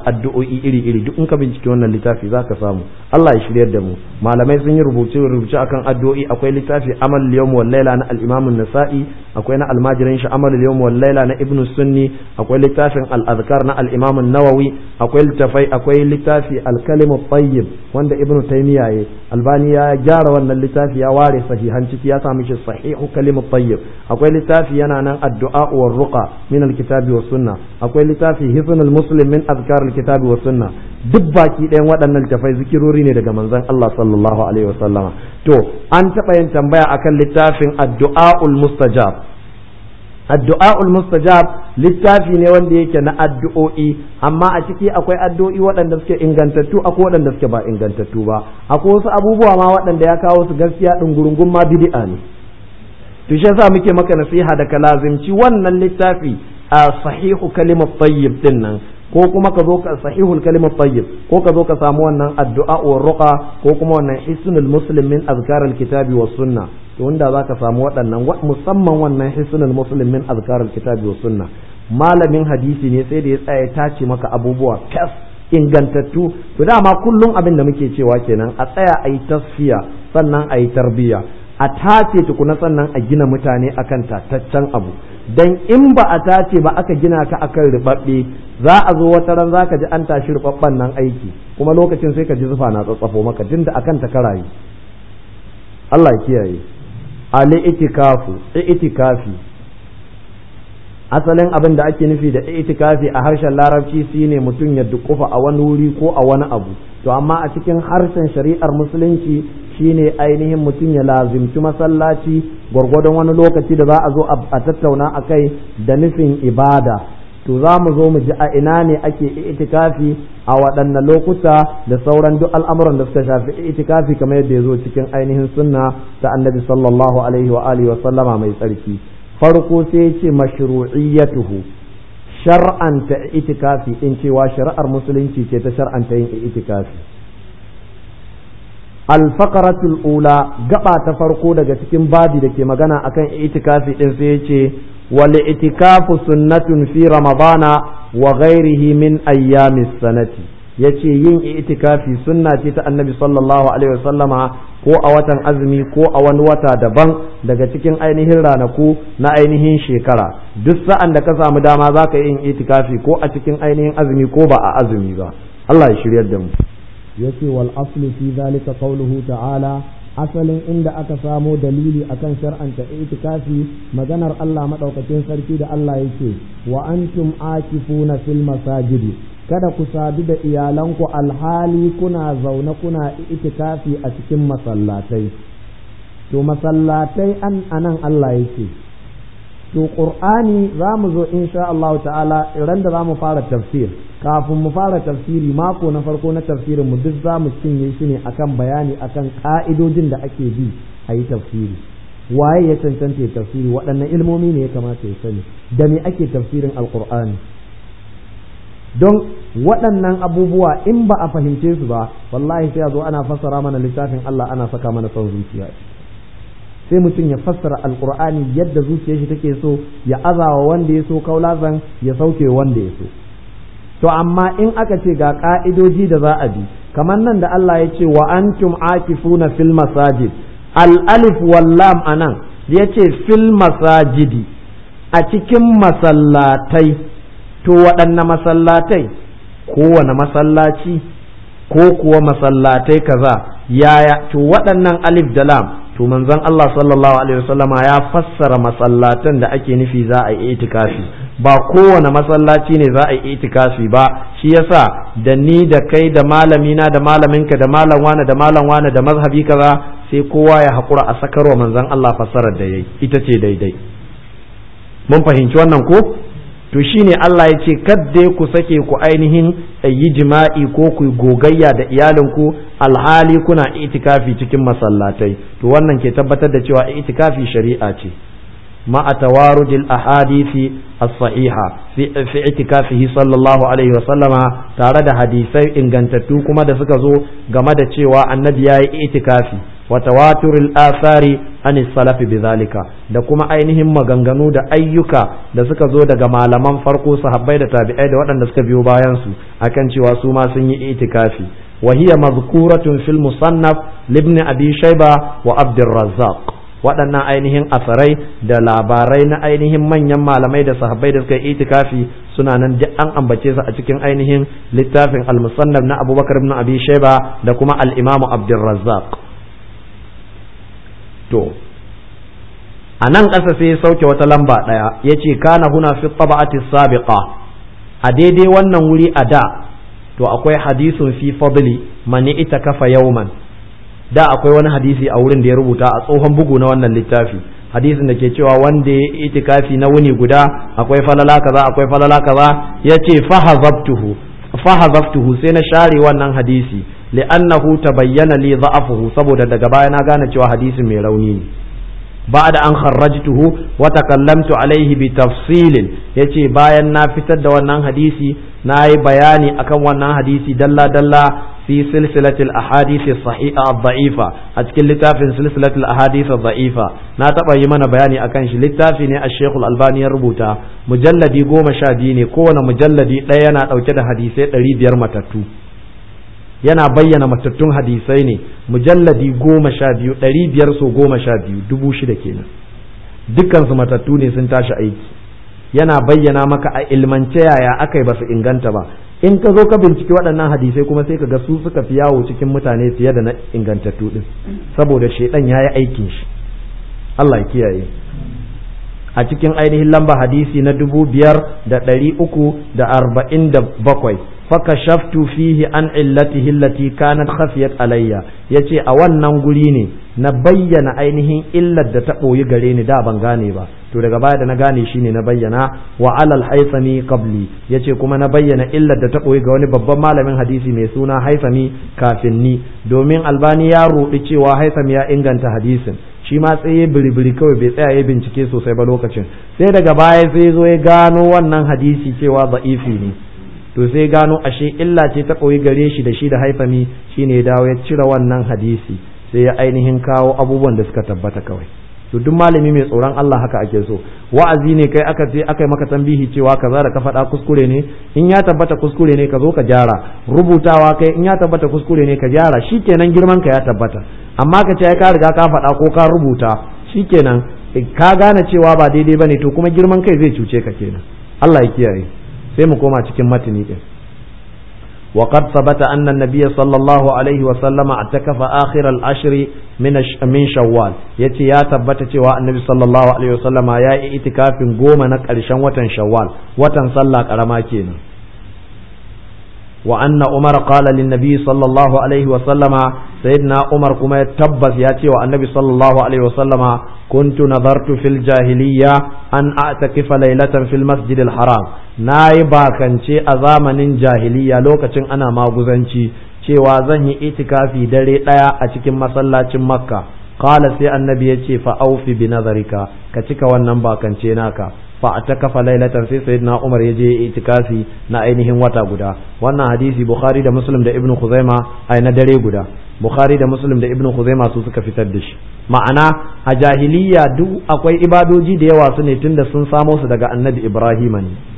addu'o'i iri-iri duk in ka bincike wannan littafi za ka samu Allah ya shiryar da mu malamai sun yi rubuce rubuce akan addu'o'i akwai littafi amal yawm wal laila na al-imam nasai akwai na almajirin shi amal yawm wal laila na ibnu sunni akwai littafin al-azkar na al-imam nawawi akwai littafai akwai littafi al-kalimu tayyib wanda ibnu taymiya ya albani ya gyara wannan littafi ya ware sahihan ciki ya sa shi sahihu kalimu tayyib akwai littafi yana nan addu'a wa ruqa min alkitabi wa sunna akwai littafi hisnul musulmin min azkar alkitabi wa sunna duk baki ɗayan waɗannan tafai zikirori ne daga manzon Allah sallallahu alaihi wasallama to an taɓa yin tambaya akan littafin addu'aul mustajab addu'aul mustajab littafi ne wanda yake na addu'o'i amma a ciki akwai addu'o'i waɗanda suke ingantattu akwai waɗanda suke ba ingantattu ba akwai wasu abubuwa ma waɗanda ya kawo su gaskiya ɗungurungun ma bid'a ne to shi yasa muke maka nasiha da ka lazimci wannan littafi a sahihu kalimat tayyib din nan ko kuma ka zo ka sahihu kalimat tayyib ko ka zo ka samu wannan addu'a wa ruqa ko kuma wannan hisnul muslim min azkaril kitabi was sunna to wanda zaka samu waɗannan musamman wannan hisnul muslim min azkaril kitabi was sunna malamin hadisi ne sai da ya tsaya tace maka abubuwa kas ingantattu to dama kullum abin da muke cewa kenan a tsaya ayi tasfiya sannan ayi tarbiyya. a tace tukuna sannan a gina mutane akan tataccen abu dan in ba a tace ba aka gina ka akan riɓaɓɓe za a zo wata ran ka ji an tashi riɓaɓɓen nan aiki kuma lokacin sai ka ji zufa na tsatsafo maka tunda akan ta karayi Allah ya kiyaye ali itikafu itikafi asalin abin da ake nufi da itikafi a harshen larabci shine mutum ya dukufa a wani wuri ko a wani abu to amma a cikin harshen shari'ar musulunci shine ainihin mutum ya lazimci masallaci gwargwadon wani lokaci da za a zo a tattauna a kai da nufin ibada to za mu zo mu ji a ina ne ake itikafi a waɗanne lokuta da sauran duk al'amuran da suka shafi itikafi kamar yadda ya zo cikin ainihin sunna ta annabi sallallahu alaihi wa alihi wa sallama mai tsarki farko sai ya ce mashru'iyyatuhu shar'anta itikafi in cewa shari'ar musulunci ce ta shar'anta yin itikafi alfaqaratul ula gaba ta farko daga cikin babi da ke magana akan itikafi din sai yace wal itikafu sunnatun fi ramadana wa ghairihi min ayyamis sanati yace yin itikafi sunna ce ta annabi sallallahu alaihi wasallama ko a watan azumi ko a wani wata daban daga cikin ainihin ranaku na ainihin shekara duk sa'an da ka samu dama zaka yin itikafi ko a cikin ainihin azumi ko ba a azumi ba Allah ya shiryar da mu yace wal aslu fi zalika qawluhu ta'ala asalin inda aka samo dalili akan shar'anta itikafi maganar Allah madaukakin sarki da Allah yake wa antum akifuna fil masajid kada ku sadu da iyalanku alhali kuna zaune kuna itikafi a cikin masallatai to masallatai an anan Allah yake to qur'ani zamu zo insha Allah ta'ala ran da mu fara tafsir kafin mu fara tafsiri mako na farko na tafsirin mu duk za mu cinye shi ne akan bayani akan ka'idojin da ake bi a yi tafsiri waye ya cancanta ya tafsiri waɗannan ilmomi ne ya kamata ya sani da me ake tafsirin alkur'ani don waɗannan abubuwa in ba a fahimce su ba wallahi sai a zo ana fassara mana littafin Allah ana saka mana son zuciya sai mutum ya fassara alkur'ani yadda zuciyar shi take so ya azawa wanda ya so kaulazan ya sauke wanda ya so to amma in aka ce ga ka'idoji da za a bi kamar nan da Allah ya ce wa antum akifuna fil masajid al alif wal lam anan ya ce fil masajidi a cikin masallatai to waɗanne masallatai kowane masallaci ko kuwa masallatai kaza yaya to waɗannan alif da lam to manzon Allah sallallahu alaihi wasallam ya fassara masallatan da ake nufi za a yi itikafi ba kowane masallaci ne za a yi itikafi ba shi yasa da ni da kai da malami na da malaminka da malam wani da malam wani da mazhabi kaza sai kowa ya hakura a sakarwa manzon Allah fassarar da yayi ita ce daidai mun fahimci wannan ko to shine Allah ya ce kadde ku sake ku ainihin eh, yi jima'i ko ku gogayya da iyalin ku alhali kuna itikafi cikin masallatai to wannan ke tabbatar da cewa itikafi shari'a ce ma a ahadisi as-sahiha fi itikafihi sallallahu alaihi wa sallama tare da hadisai ingantattu kuma da suka zo game da cewa annabi yayi itikafi wa tawaturil asari an salafi bizalika da kuma ainihin maganganu da ayyuka da suka zo daga malaman farko sahabbai da tabi'ai da waɗanda suka biyo bayan su akan cewa su ma sun yi itikafi wa hiya mazkuratun fil musannaf libni abi shayba wa abdurrazzaq waɗannan ainihin asarai da labarai na ainihin manyan malamai da sahabbai da suka yi itikafi suna nan duk an ambace su a cikin ainihin littafin al-musannaf na Abubakar ibn Abi Shayba da kuma al-Imam Abdurrazzaq to a nan ƙasa sai ya sauke wata lamba ɗaya ya ce kana huna fi taba'ati sabiqa a daidai wannan wuri a da to akwai hadisun fi fadli mani ita kafa yauman da akwai wani hadisi a wurin da ya rubuta a tsohon bugu na wannan littafi hadisin da ke cewa wanda ya itikafi na wuni guda akwai falala kaza akwai falala kaza ya ce fahazabtuhu sai na share wannan hadisi li'annahu tabayyana li dha'afuhu saboda daga baya na gane cewa hadisin mai rauni ne ba'da an tuhu wata kallamtu alaihi bi tafsilin yace bayan na fitar da wannan hadisi na yi bayani akan wannan hadisi dalla dalla fi silsilatil ahadisi sahiha dha'ifa a cikin littafin silsilatil ahadisi dha'ifa na taɓa yi mana bayani akan shi littafi ne a Sheikhul Albani ya rubuta mujalladi goma sha biyu ne kowane mujalladi ɗaya yana ɗauke da hadisai ɗari biyar matattu yana bayyana matattun hadisai ne mujalladi goma sha biyu ɗari biyar so goma sha biyu dubu shida kenan dukkansu matattu ne sun tashi aiki yana bayyana maka a ilmance yaya aka yi ba su inganta ba in ka zo ka binciki waɗannan hadisai kuma sai ka ga su suka fi yawo cikin mutane fiye da na ingantattu ɗin saboda shaidan ya yi aikin shi Allah ya kiyaye a cikin ainihin lamba hadisi na dubu biyar da ɗari uku da arba'in da bakwai fakashaftu fihi an illatihi allati kanat khafiyat alayya yace a wannan guri ne na bayyana ainihin illar da ta boye gare ni da ban gane ba to daga baya da na gane shine na bayyana wa alal haisami qabli yace kuma na bayyana illar da ta boye ga wani babban malamin hadisi mai suna haisami kafin ni domin albani ya rubi cewa haisami ya inganta hadisin shi ma tsaye biribiri kawai bai tsaya ya bincike sosai ba lokacin sai daga baya sai zo ya gano wannan hadisi cewa za'ifi ne to sai gano ashe illa ce ta koyi gare shi da shi da haifami shine ya dawo ya cire wannan hadisi sai ya ainihin kawo abubuwan da suka tabbata kawai to duk malami mai tsoron Allah haka ake so wa'azi ne kai aka ce aka yi maka tambihi cewa kaza da ka faɗa kuskure ne in ya tabbata kuskure ne ka zo ka gyara rubutawa kai in ya tabbata kuskure ne ka gyara kenan girman ka ya tabbata amma ka ce ai ka riga ka faɗa ko ka rubuta Shi kenan ka gane cewa ba daidai bane to kuma girman kai zai cuce ka kenan Allah ya kiyaye sai mu koma cikin matini din وقد ثبت أن النبي صلى الله عليه وسلم اعتكف آخر العشر من من شوال يتي يا ثبت cewa النبي صلى الله عليه وسلم يا اعتكاف goma na ƙarshen watan shawwal watan sallah karama kenan وأن عمر قال للنبي صلى الله عليه وسلم سيدنا عمر كما تبس ياتي والنبي صلى الله عليه وسلم كنت نظرت في الجاهلية أن أعتكف ليلة في المسجد الحرام na yi bakance a zamanin jahiliya lokacin ana maguzanci cewa zan yi itikafi dare ɗaya a cikin masallacin makka kala sai annabi ya ce fa aufi bi nazarika ka cika wannan bakance naka fa a ta kafa lailatan sai sayyidina umar ya je ya itikafi na ainihin wata guda wannan hadisi bukhari da muslim da ibnu khuzaima ai na dare guda bukhari da muslim da ibnu khuzaima su suka fitar da shi ma'ana a jahiliya duk akwai ibadoji da yawa su ne tunda sun samo su daga annabi ibrahima ne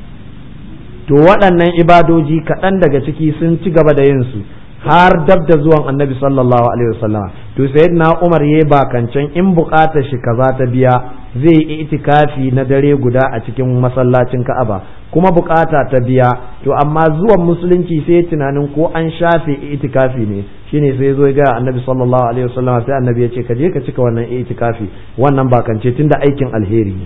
to waɗannan ibadoji kaɗan daga ciki sun ci gaba da yin su har dab da zuwan annabi sallallahu alaihi wasallama to sayyidina umar yayi bakancan in bukatar shi kaza ta biya zai yi itikafi na dare guda a cikin masallacin ka'aba kuma bukata ta biya to amma zuwan musulunci sai tunanin ko an shafe itikafi ne shine sai zo ga annabi sallallahu alaihi wasallama sai annabi ya ce ka je ka cika wannan itikafi wannan bakance tunda aikin alheri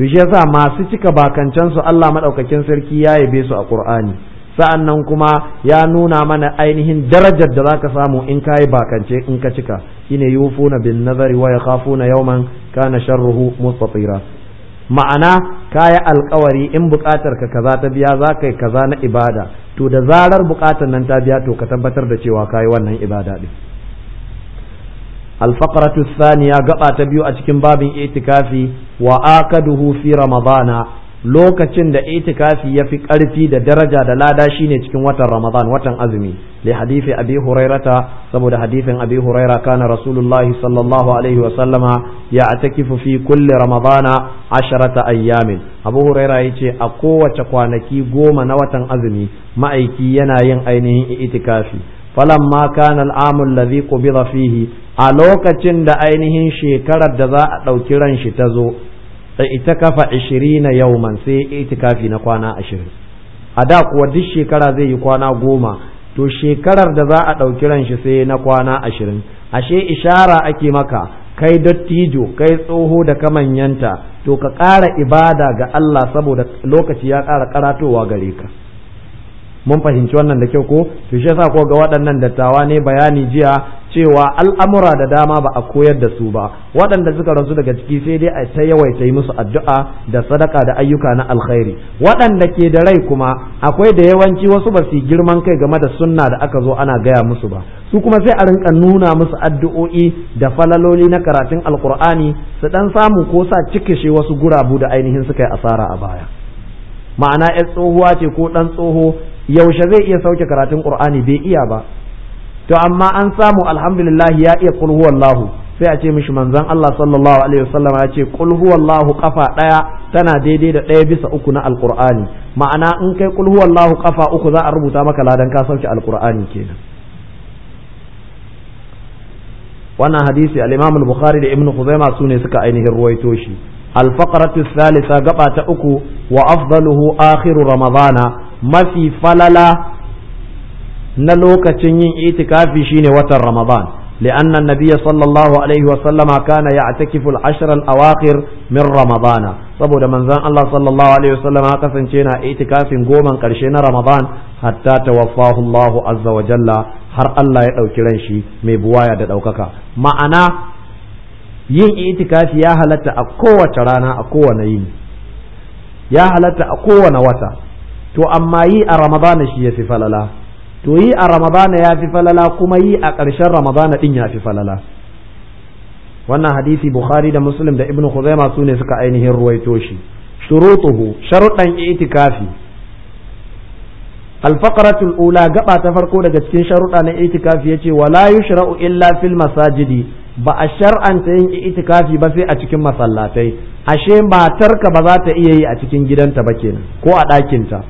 to shi yasa masu cika bakancan su Allah madaukakin sarki ya yabe su a Qur'ani sa'an nan kuma ya nuna mana ainihin darajar da zaka samu in kayi bakance in ka cika shine yufuna bin nazari wa yakhafuna yawman kana sharruhu mustatira ma'ana kaya alkawari in bukatar ka kaza ta biya za ka yi kaza na ibada to da zarar bukatar nan ta biya to ka tabbatar da cewa kayi wannan ibada din الفقرة الثانية قطع تبيو أتكم باب اعتكافي وآكده في رمضان lokacin da itikafi ya fi ƙarfi da daraja da lada shine cikin watan Ramadan watan azumi li hadisi abi hurairata saboda hadisin abi huraira kana rasulullah sallallahu alaihi wa sallama ya atakifu fi kulli ramadana asharata ayyamin abu huraira ya ce a kowace kwanaki goma na watan azumi ma'aiki yana yin ainihin itikafi falamma kana al'amu allazi qubida fihi a lokacin da ainihin shekarar da za a ɗauki ran shi ta zo ita kafa ishirina yauman sai itikafi na kwana ashirin a da kuwa duk shekara zai yi kwana goma to shekarar da za a ɗauki ran shi sai na kwana ashirin ashe ishara ake maka kai dattijo kai tsoho da kamanyanta to ka ƙara ibada ga Allah saboda lokaci ya ƙara karatowa gare ka mun fahimci wannan da kyau ko to shi yasa ko ga waɗannan dattawa ne bayani jiya cewa al'amura da dama ba a koyar da su ba waɗanda suka rasu daga ciki sai dai a ta yawaita yi musu addu'a da sadaka da ayyuka na alkhairi waɗanda ke da rai kuma akwai da yawanci wasu ba su girman kai game da sunna da aka zo ana gaya musu ba su kuma sai a rinka nuna musu addu'o'i da falaloli na karatun alkur'ani su dan samu ko sa cikishe wasu gurabu da ainihin suka yi asara a baya ma'ana yar tsohuwa ce ko ɗan tsoho yaushe zai iya sauke karatun qur'ani bai iya ba to amma an samu alhamdulillah ya iya qul huwallahu sai a ce mishi manzon Allah sallallahu alaihi wasallam ya ce qul huwallahu kafa daya tana daidai da ɗaya bisa uku na alqur'ani ma'ana in kai qul huwallahu kafa uku za a rubuta maka ladan ka sauke alqur'ani kenan wannan hadisi al-Imam al-Bukhari da Ibn Khuzaimah sune suka ainihin ruwaito shi alfaqaratu salisa gaɓa ta uku wa afdaluhu akhiru ramadana mafi falala na lokacin yin itikafi shine watan ramadan لأن النبي صلى الله عليه وسلم كان يعتكف العشر الأواخر من رمضان saboda manzon Allah sallallahu alaihi wasallam ya kasance na itikafin goman karshe na Ramadan hatta tawaffahu Allah azza wa jalla har Allah ya ɗauki ran shi mai buwaya da ɗaukaka. ma'ana yin itikafi ya halatta a kowace rana a kowane yini ya halatta a kowane wata to amma yi a ramadana shi ya fi falala to yi a ramadana ya fi falala kuma yi a ƙarshen ramadana ɗin ya fi falala wannan hadisi bukhari da muslim da ibnu khuzaima su ne suka ainihin ruwaito shi shurutuhu sharuɗan itikafi alfaqratul ula gaba ta farko daga cikin sharuɗa na itikafi yace wala yushra'u illa fil masajidi ba a shar'anta yin itikafi ba sai a cikin masallatai ashe matarka ba za ta iya yi a cikin gidanta ba kenan ko a ɗakinta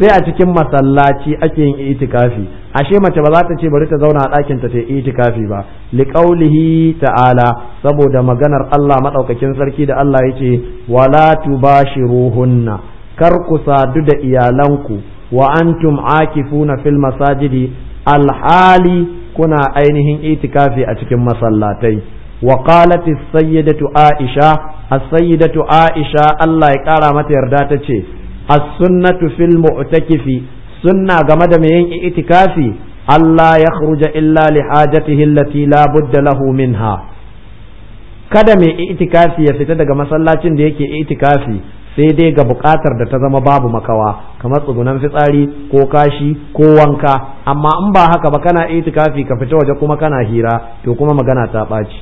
sai a cikin masallaci ake yin itikafi ashe mace ba za ta ce bari ta zauna a ɗakinta ta yi itikafi ba liqaulihi ta'ala saboda maganar Allah madaukakin sarki da Allah yace wala tubashiruhunna kar ku sadu da iyalanku wa antum akifuna fil masajidi alhali kuna ainihin itikafi a cikin masallatai wa qalat as-sayyidatu aisha as-sayyidatu aisha Allah ya kara mata yarda ta ce as-sunnatu fil mu'takifi sunna game da yin itikafi Allah ya khruja illa li hajatihi allati la budda lahu minha kada mai itikafi ya fita daga masallacin da yake itikafi sai dai ga buƙatar da ta zama babu makawa kamar tsugunan fitsari ko kashi ko wanka amma in ba haka ba kana itikafi ka fita waje kuma kana hira to kuma magana ta ɓaci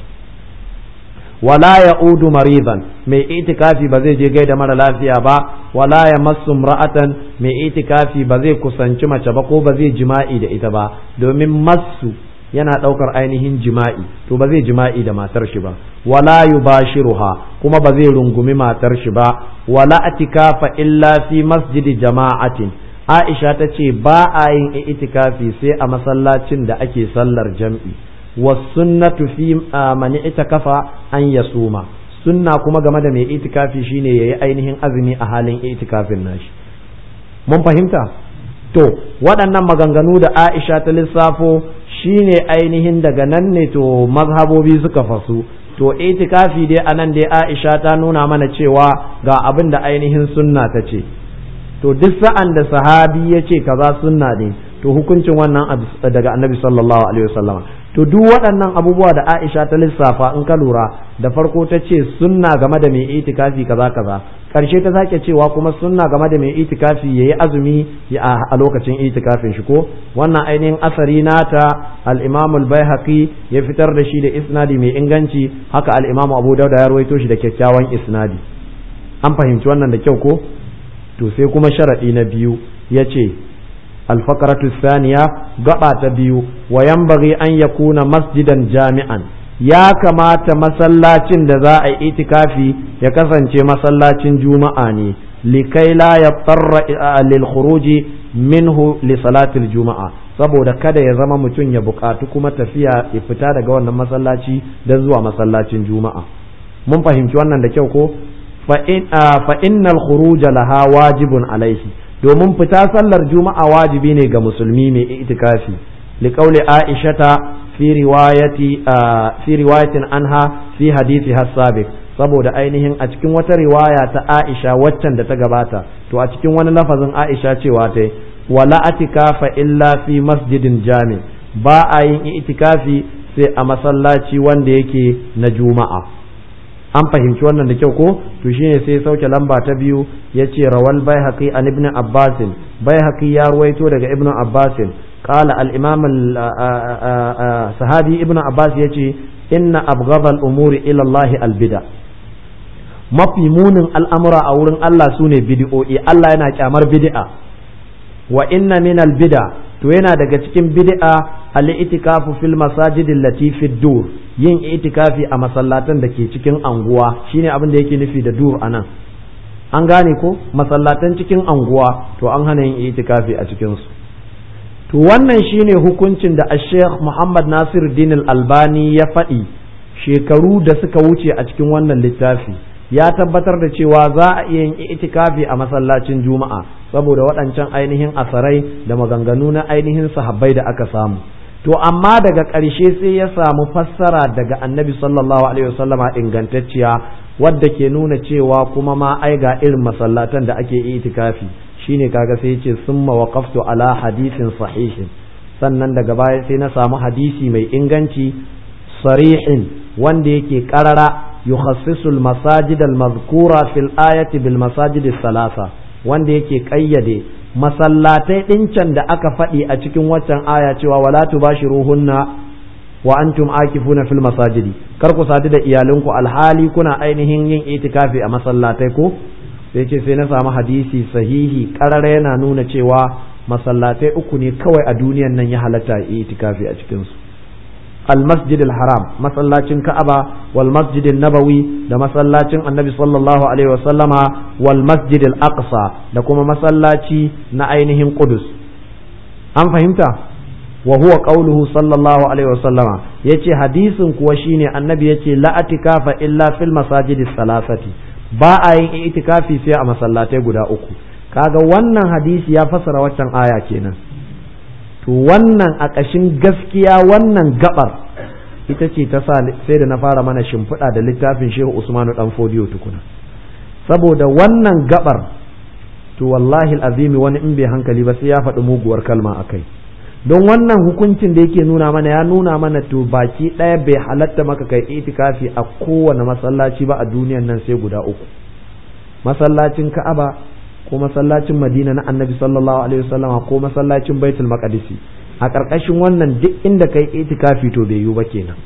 wala ya udu maridan mai itikafi ba zai je gaida mara lafiya ba wala ya masu ra'atan mai itikafi ba zai kusanci mace ba ko ba zai jima'i da ita ba domin masu yana ɗaukar ainihin jima'i to ba zai jima'i da matar shi ba wala yubashiruha kuma ba zai rungumi matar shi ba wala atikafa illa fi masjidi jama'atin Aisha ta ce ba a yin itikafi sai a masallacin da ake sallar jam'i wasunnatu fi man itakafa an yasuma sunna kuma game da mai itikafi shine yayi ainihin azumi a halin itikafin nashi mun fahimta to waɗannan maganganu da aisha ta lissafo shine ainihin daga nan ne to mazhabobi suka fasu to itikafi dai anan dai aisha ta nuna mana cewa ga abin da ainihin sunna ta ce to duk sa'an da sahabi ya ce kaza sunna ne to hukuncin wannan daga annabi sallallahu alaihi wasallama to duk waɗannan abubuwa da Aisha ta lissafa in ka lura da farko ta ce sunna game da mai itikafi kaza kaza karshe ta sake cewa kuma sunna game da mai itikafi yayi azumi a lokacin itikafin shi ko wannan ainihin asari nata al-Imam al-Baihaqi ya fitar da shi da isnadi mai inganci haka al-Imam Abu Dawud ya rawaito shi da kyakkyawan isnadi an fahimci wannan da kyau ko to sai kuma sharadi na biyu yace الفقرة الثانية قطعة بيو وينبغي أن يكون masjidan jami'an ya kamata masallacin da za a yi itikafi ya kasance masallacin juma'a ne likai la ya tsarra lil minhu li salatil juma'a saboda kada ya zama mutum ya bukatu kuma tafiya ya fita daga wannan masallaci don zuwa masallacin juma'a mun fahimci wannan da kyau ko fa innal khuruja laha wajibun alaihi domin fita sallar juma'a wajibi ne ga musulmi mai itikafi liqauli aishata fi riwayati fi riwayatin anha fi hadisi hasabiq saboda ainihin a cikin wata riwaya ta Aisha waccan da ta gabata to a cikin wani lafazin Aisha cewa ta wala atikafa illa fi masjidin jami ba a yin itikafi sai a masallaci wanda yake na juma'a an fahimci wannan da kyau ko to shine sai sauke lamba ta biyu yace rawal baihaqi an ibn abbas baihaqi ya ruwaito daga ibn abbas qala al imam al sahabi ibn abbas yace inna abghad al umuri ila allah al bid'a mafi munin al'amura a wurin Allah sune ne bid'o'i Allah yana kyamar bid'a wa inna min al bid'a to yana daga cikin bid'a al-i'tikafu fil masajidil lati fid dur yin itikafi a masallatan da ke cikin anguwa shine abin da yake nufi da dur anan an gane ko masallatan cikin anguwa to an hana yin itikafi a cikin su to wannan shine hukuncin da Sheikh Muhammad Nasir Din Al-Albani ya faɗi shekaru da suka wuce a cikin wannan littafi ya tabbatar da cewa za a iya yin itikafi a masallacin juma'a saboda waɗancan ainihin asarai da maganganu na ainihin sahabbai da aka samu to amma daga ƙarshe sai ya samu fassara daga annabi sallallahu alaihi wasallama ingantacciya wadda ke nuna cewa kuma ma ai ga irin masallatan da ake itikafi shine kaga sai yace summa waqaftu ala hadithin sahihin sannan daga baya sai na samu hadisi mai inganci sarihin wanda yake karara yukhassisu al-masajid al-madhkura fil ayati bil masajid salasa wanda yake kayyade masallatai ɗincan da aka faɗi a cikin waccan aya cewa wala ruhunna wa antum akifuna fil masajidi kar ku sadu da iyalinku alhali kuna ainihin yin itikafi a masallatai ko sai ce sai na samu hadisi sahihi karara yana nuna cewa masallatai uku ne kawai a duniyan nan ya halatta itikafi a cikinsu المسجد الحرام مسلاتين كعبة والمسجد النبوي ده مسلاتين النبي صلى الله عليه وسلم والمسجد الأقصى ده كما مسلاتي نعينهم قدس أم فهمت وهو قوله صلى الله عليه وسلم يتي حديث كوشيني النبي يتي لا اعتكاف إلا في المساجد الثلاثة ba a yin itikafi sai a masallatai guda uku kaga wannan hadisi ya fasara waccan aya kenan to wannan a ƙashin gaskiya wannan gabar ita ce ta sa sai da na fara mana shimfiɗa da littafin shehu usmanu dan fodiyo tukuna saboda wannan gabar to wallahi azimi wani in bai hankali ba sai ya faɗi muguwar kalma a kai don wannan hukuncin da yake nuna mana ya nuna mana to baki ɗaya bai halatta maka kai itikafi a kowane masallaci ba a duniyan nan sai guda uku masallacin ka'aba ko masallacin madina na annabi sallallahu alaihi wasallama ko masallacin baitul maqdisi a ƙarƙashin wannan duk inda kai itikafi to bai yiwu ba kenan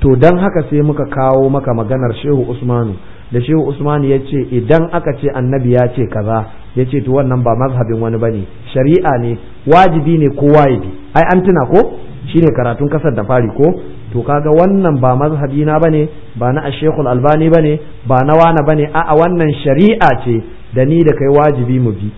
to dan haka sai muka kawo maka maganar shehu usmanu da shehu usmanu ya ce idan aka ce annabi ya ce kaza ya ce to wannan ba mazhabin wani ba ne shari'a ne wajibi ne ko wajibi ai an tuna ko shine karatun kasar da fari ko to kaga wannan ba mazhabi na bane ba na ashekul albani bane ba na wana bane a'a wannan shari'a ce da ni da kai wajibi mu bi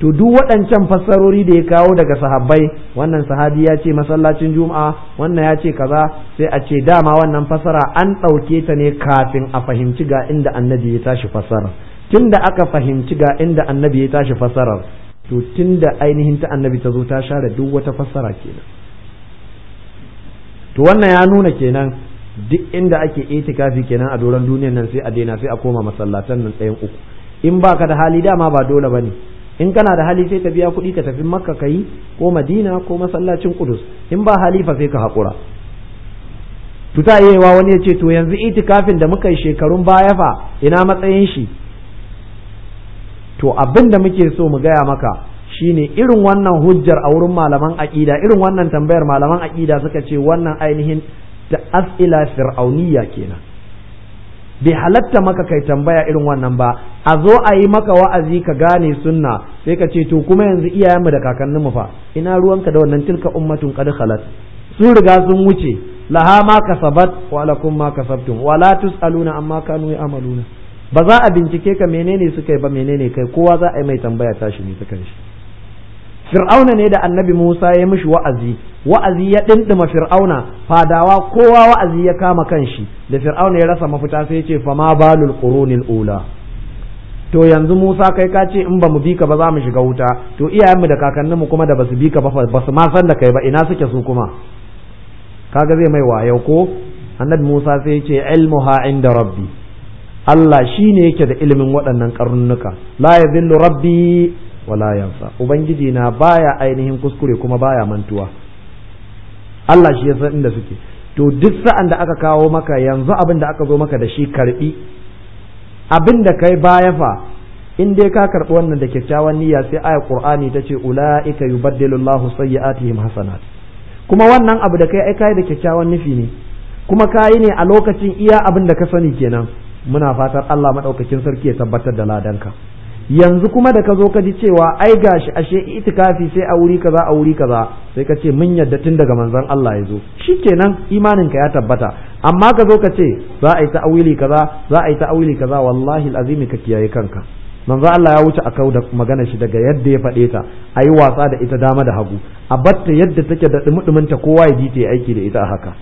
to duk waɗancan fassarori da ya kawo daga sahabbai wannan sahabi ya ce masallacin juma'a wannan ya ce kaza sai a ce dama wannan fassara an ɗauke ta ne kafin a fahimci ga inda annabi ya tashi fassara tun da aka fahimci ga inda annabi ya tashi fassarar to tun da ainihin ta annabi ta zo ta share duk wata fassara kenan to wannan ya nuna kenan duk inda ake itikafi kenan a doron duniyar nan sai a daina sai a koma masallatan nan tsayin uku in ba ka da hali dama ba dole ba ne in kana da hali sai ka biya kuɗi ka tafi makka ka yi ko madina ko masallacin kudus in ba hali fa sai ka haƙura tuta yewa wani ya ce to yanzu itikafin da muka yi shekarun baya fa ina matsayin shi to abin da muke so mu gaya maka shine irin wannan hujjar a wurin malaman aƙida irin wannan tambayar malaman aƙida suka ce wannan ainihin da as'ila fir'auniya kenan bai halatta maka kai tambaya irin wannan ba a zo a yi maka wa'azi ka gane sunna sai ka ce to kuma yanzu iyayenmu da kakanninmu fa ina ruwanka da wannan tilka ummatun qad khalat sun riga sun wuce laha ma kasabat wa lakum ma kasabtum wa la tusaluna amma kanu ya'maluna ba za a bincike ka menene suka yi ba menene kai kowa za a yi mai tambaya tashi ne suka shi fir'auna ne da annabi Musa ya mishi wa'azi wa'azi ya dindima fir'auna fadawa kowa wa'azi ya kama kanshi da fir'auna ya rasa mafita sai ya ce ma balul qurunil ula to yanzu Musa kai ka ce in ba mu bi ka ba za mu shiga wuta to mu da mu kuma da basu bi ka ba ba su ma san da kai ba ina suke su kuma kaga zai mai wayo ko annabi Musa sai ya ce ilmuha inda rabbi Allah shi ne yake da ilimin waɗannan karnuka la yadhillu rabbi wala yansa ubangiji na baya ainihin kuskure kuma baya mantuwa Allah shi ya san inda suke to duk sa'an da aka kawo maka yanzu abin da aka zo maka da shi karbi abin da kai baya fa in dai ka karbi wannan da kyakkyawan niyya sai aya qur'ani ta ce ulaika yubaddilu Allahu sayyi'atihim hasanat kuma wannan abu da kai ai kai da kyakkyawan nufi ne kuma kayi ne a lokacin iya abin da ka sani kenan muna fatar Allah madaukakin sarki ya tabbatar da ladanka yanzu kuma da ka zo ka ji cewa ai gashi ashe itikafi sai a wuri kaza a wuri kaza sai ka ce mun yadda tun daga manzon Allah ya zo shikenan imanin ka ya tabbata amma ka zo ka ce za a yi ta'awili kaza za a yi ta'awili kaza wallahi alazim ka kiyaye kanka manzo Allah ya wuce a da magana shi daga yadda ya faɗe ta a yi wasa da ita dama da hagu a batta yadda take da dumudumin kowa ya ji ta aiki da ita haka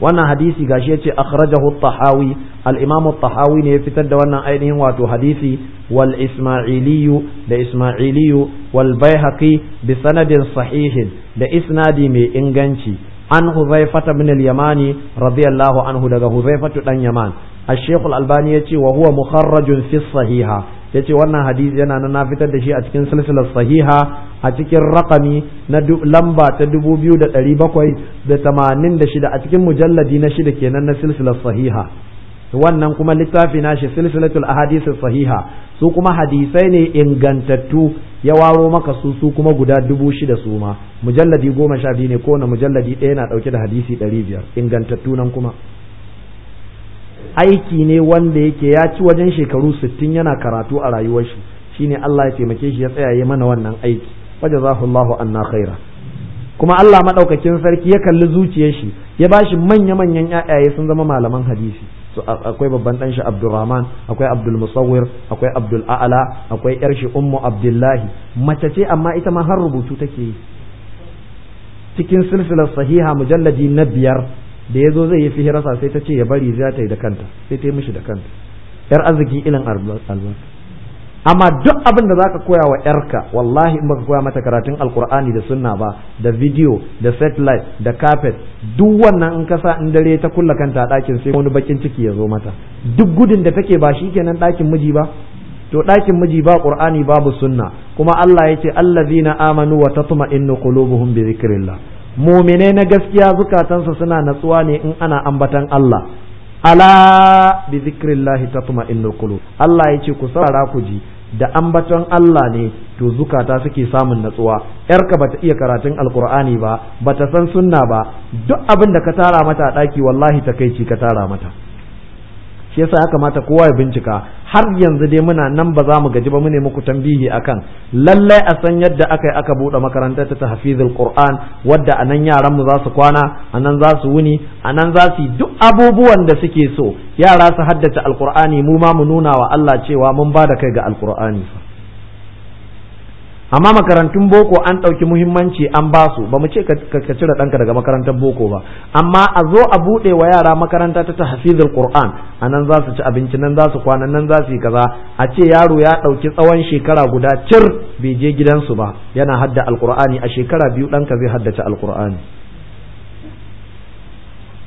wannan hadisi gashi yace akhrajahu at-tahawi al-imam at-tahawi ne ya fitar da wannan ainihin wato hadisi wal isma'ili da isma'ili wal baihaqi bi sanadin sahihin da isnadi mai inganci an huzaifata min al-yamani radiyallahu anhu daga huzaifatu dan yaman al-shaykh al-albani yace wa huwa mukharrajun fi sahiha ya ce wannan hadisi yana na fitar da shi a cikin silsilar sahiha a cikin rakami na lamba ta dubu biyu da ɗari bakwai da tamanin da shida a cikin mujalladi na shida kenan na silsilar sahiha wannan kuma littafi na shi silsilatul ahadisi sahiha su kuma hadisai ne ingantattu ya waro maka su su kuma guda dubu shida su ma mujalladi goma sha biyu ne kowane mujalladi ɗaya na ɗauke da hadisi ɗari biyar ingantattu nan kuma aiki ne wanda yake ya ci wajen shekaru sittin yana karatu a rayuwar shi shine Allah ya taimake shi ya tsaya mana wannan aiki wajazahullahu anna khaira kuma Allah madaukakin sarki ya kalli zuciyar shi ya bashi manya manyan 'ya'yaye sun zama malaman hadisi akwai babban dan shi Abdurrahman akwai Abdul Musawwir akwai Abdul A'la akwai yar shi Ummu Abdullahi mace ce amma ita ma har rubutu take yi cikin silsilar sahiha mujalladi na biyar da ya zo zai yi sa sai ta ce ya bari za ta yi da kanta sai ta yi mishi da kanta yar arziki ilin albarka amma duk abin da zaka koya wa yarka wallahi in baka koya mata karatun alkur'ani da sunna ba da video da satellite da carpet duk wannan in kasa in dare ta kulla kanta a ɗakin sai wani bakin ciki ya zo mata duk gudun da take ba shi kenan ɗakin miji ba to ɗakin miji ba qur'ani babu sunna kuma Allah ya ce allazina amanu wa tatma'innu qulubuhum bi dhikrillah mumine na gaskiya zukatansa suna natsuwa ne in ana ambatan Allah ala bi zikrillahi tatma'innul qulub Allah yace ku saurara ku ji da ambaton Allah ne to zukata suke samun natsuwa yarka bata iya karatun alkur'ani ba bata san sunna ba duk abin da ka tara mata a daki wallahi takeici ka tara mata shi yasa ya kamata kowa ya bincika har yanzu dai muna nan ba za mu gaji ba mu ne muku tambihi akan lallai a san yadda aka yi aka buɗe makarantar ta tahfizul qur'an wadda anan yaran mu za su kwana anan za su wuni anan za su duk abubuwan da suke so yara su haddace alqur'ani mu ma mu nuna wa Allah cewa mun bada kai ga alqur'ani amma makarantun boko an ɗauki muhimmanci an ba su ba mu ce ka cire ɗanka daga makarantar boko ba amma a zo a buɗe wa yara makaranta ta tahfizul qur'an a nan za su ci abinci nan za su kwana nan za su yi kaza a ce yaro ya ɗauki tsawon shekara guda cir bai je gidansu ba yana hadda alqur'ani a shekara biyu ɗanka zai haddace alqur'ani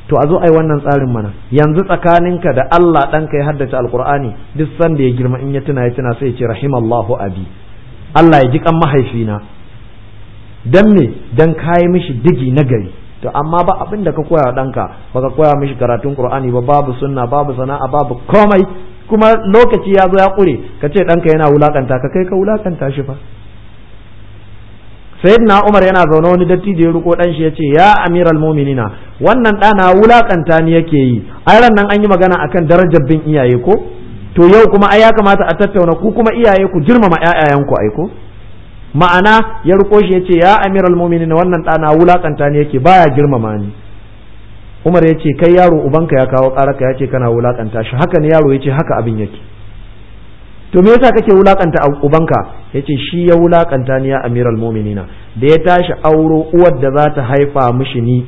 to a zo ai wannan tsarin mana yanzu tsakaninka da Allah ɗanka ya haddace alqur'ani duk sanda ya girma in ya tuna ya tuna sai ya ce rahimallahu abi Allah ya ji kan mahaifina dan me dan kayi mishi digi na gari to amma ba abin da ka koya wa danka ka koya mishi karatun Qur'ani ba babu sunna babu sana'a babu komai kuma lokaci ya zo ya kure ka ce danka yana wulakanta ka kai ka wulakanta shi fa sayyidina Umar yana zaune wani datti da ya riko dan shi ce ya amiral mu'minina wannan dana wulakanta ni yake yi ai nan an yi magana akan darajar bin iyaye ko to yau kuma ai ya kamata a tattauna ku kuma iyaye ku girmama ƴaƴayanku ai ko ma'ana ya riko shi yace ya amiral mu'minin wannan ɗana wulakanta ne yake baya girmama ni Umar yace kai yaro ubanka ya kawo ƙararka yace kana wulakanta shi haka ne yaro yace haka abin yake to me yasa kake wulakanta ubanka yace shi ya wulakanta ni ya amiral mu'minina da ya tashi auro uwar da za ta haifa mishi ni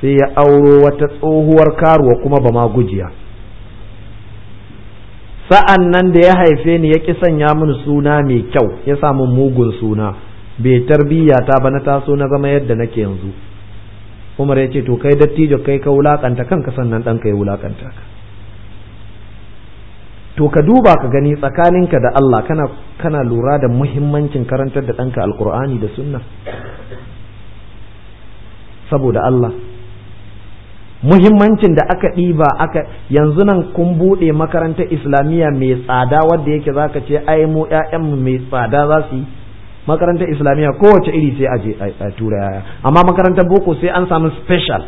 sai ya auro wata tsohuwar karuwa kuma ba ma gujiya sa'an nan da ya haife ni ya ƙi sanya mini suna mai kyau ya samu mugun suna bai tarbiyya ta ba na taso na zama yadda nake yanzu umar ya ce to kai dattijo kai ka wulakanta kanka sannan ɗanka ya wulakanta ka to ka duba ka gani tsakaninka da Allah kana kana lura da muhimmancin karantar da ɗanka alkur'ani da sunna saboda Allah muhimmancin da aka ɗiba aka yanzu nan kun buɗe makarantar islamiyya mai tsada wadda yake zaka ce ai mu ƴaƴanmu mai tsada za su yi makarantar islamiyya kowace iri sai a je a tura yaya amma makarantar boko sai an samu special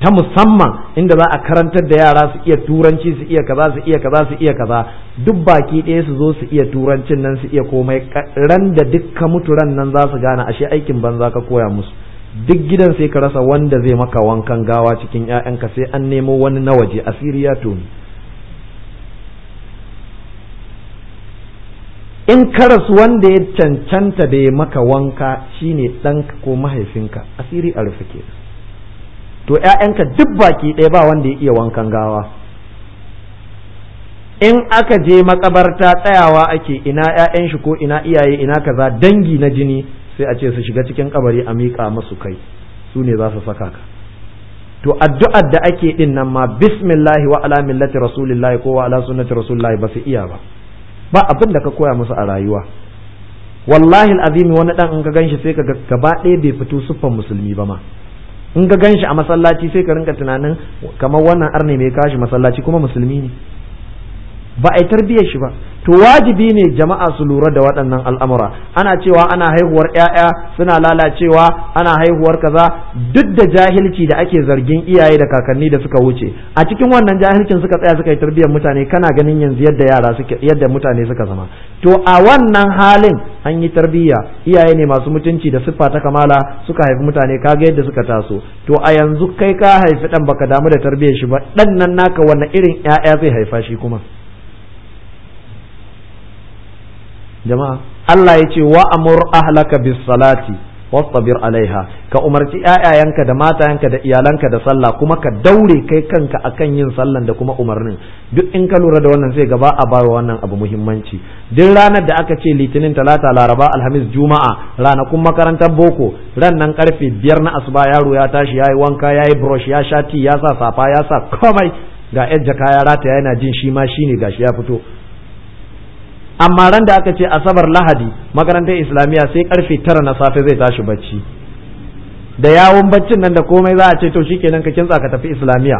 ta musamman inda za a karantar da yara su iya turanci su iya kaza su iya kaza su iya kaza duk baki ɗaya su zo su iya turancin nan su iya komai ran da dukka mutu ran nan za su gane ashe aikin banza ka koya musu duk gidan sai ka rasa wanda zai maka wankan gawa cikin ‘ya'yanka sai an nemo wani na waje asiriya ya toni in karas wanda ya cancanta da ya maka wanka shine ɗanka ko mahaifinka asiri a rufe ke to ‘ya'yanka duk baki ɗaya ba wanda ya iya wankan gawa in aka je makabarta tsayawa ake ina yayan shi ko ina iyaye ina kaza dangi na jini sai a ce su shiga cikin kabari a miƙa masu kai su ne za su saka ka to addu'ar da ake din nan ma bismillahi wa ala millati rasulillahi ko wa ala sunnati rasulillahi ba su iya ba ba abin da ka koya musu a rayuwa wallahi azimi wani dan in ka ganshi sai ka gaba ɗaya bai fito siffan musulmi ba ma in ka ganshi a masallaci sai ka rinka tunanin kamar wannan arne mai kashi masallaci kuma musulmi ne ba a yi tarbiyyar shi ba to wajibi ne jama'a su lura da waɗannan al'amura ana cewa ana haihuwar 'ya'ya suna lalacewa ana haihuwar kaza duk da jahilci da ake zargin iyaye da kakanni da suka wuce a cikin wannan jahilcin suka tsaya suka yi tarbiyyar mutane kana ganin yanzu yadda yara suke yadda mutane suka zama to a wannan halin an yi tarbiyya iyaye ne masu mutunci da siffa ta kamala suka haifi mutane kaga yadda suka taso to a yanzu kai ka haifi dan baka damu da tarbiyyar shi ba dan nan naka wannan irin 'ya'ya zai haifa shi kuma jama'a Allah ya ce wa amur ahlaka bis salati wastabir alaiha ka umarci ƴaƴayenka da matayenka da iyalanka da sallah kuma ka daure kai kanka akan yin sallan da kuma umarnin duk in ka lura da wannan sai gaba a bawa wannan abu muhimmanci duk ranar da aka ce litinin talata laraba alhamis juma'a ranakun makarantar boko ran nan karfe biyar na asuba yaro ya tashi yayi wanka yayi yi brush ya sha ti ya sa safa ya sa komai ga yar jaka ya rata yana jin shi ma shine gashi ya fito amma ran da aka ce asabar lahadi makarantar islamiyya sai karfe tara na safe zai tashi bacci da yawon baccin nan da komai za a ce to shikenan ka kintsa ka tafi islamiyya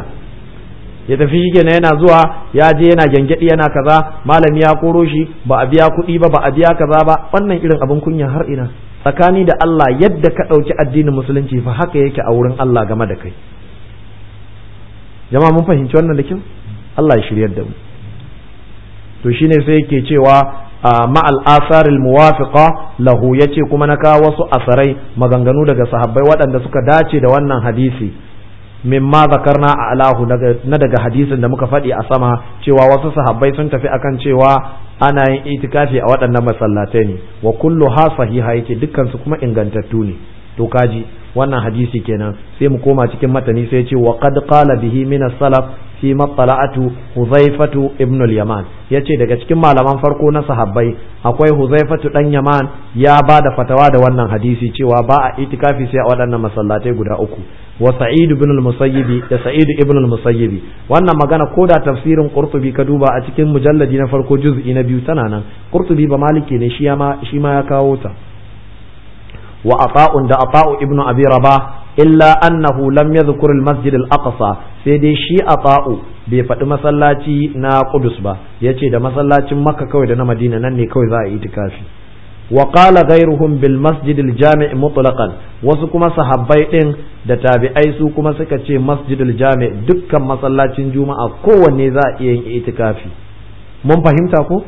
ya tafi shikenan yana zuwa ya je yana gyangyaɗi yana kaza malami ya koro shi ba a biya kuɗi ba ba a biya kaza ba wannan irin abin kunya har ina tsakani da Allah yadda ka ɗauki addinin musulunci fa haka yake a wurin Allah game da kai jama'a mun fahimci wannan da kyau Allah ya shiryar da mu to shine sai yake cewa ma'al asaril muwafiqa lahu yace kuma na kawo wasu asarai maganganu daga sahabbai waɗanda suka dace da wannan hadisi mimma zakarna a alahu na daga hadisin da muka faɗi a sama cewa wasu sahabbai sun tafi akan cewa ana yin itikafi a waɗannan masallatai ne wa kullu ha sahiha yake dukkan su kuma ingantattu ne to kaji wannan hadisi kenan sai mu koma cikin matani sai ce wa qad qala bihi min as-salaf fi matsala'atu huzaifatu ibn al-yaman yace daga cikin malaman farko na sahabbai akwai huzaifatu dan yaman ya ba da fatawa da wannan hadisi cewa ba a itikafi sai a waɗannan masallatai guda uku wa sa'id ibn al-musayyibi da sa'id ibn al-musayyibi wannan magana ko da tafsirin qurtubi ka duba a cikin mujalladi na farko juz'i na biyu tana nan qurtubi ba maliki ne shi ma shi ma ya kawo ta wa ata'un da ata'u ibn abi rabah illa annahu lam yadhkur al-masjid al-aqsa sai dai shi a ata'u bai faɗi masallaci na Qudus ba yace da masallacin Makka kawai da na Madina nan ne kawai za a yi tikafi wa qala ghayruhum bil masjid al-jami' mutlaqan wasu kuma sahabbai din da tabi'ai su kuma suka ce masjid al-jami' dukkan masallacin juma'a kowanne za a iya yin itikafi mun fahimta ko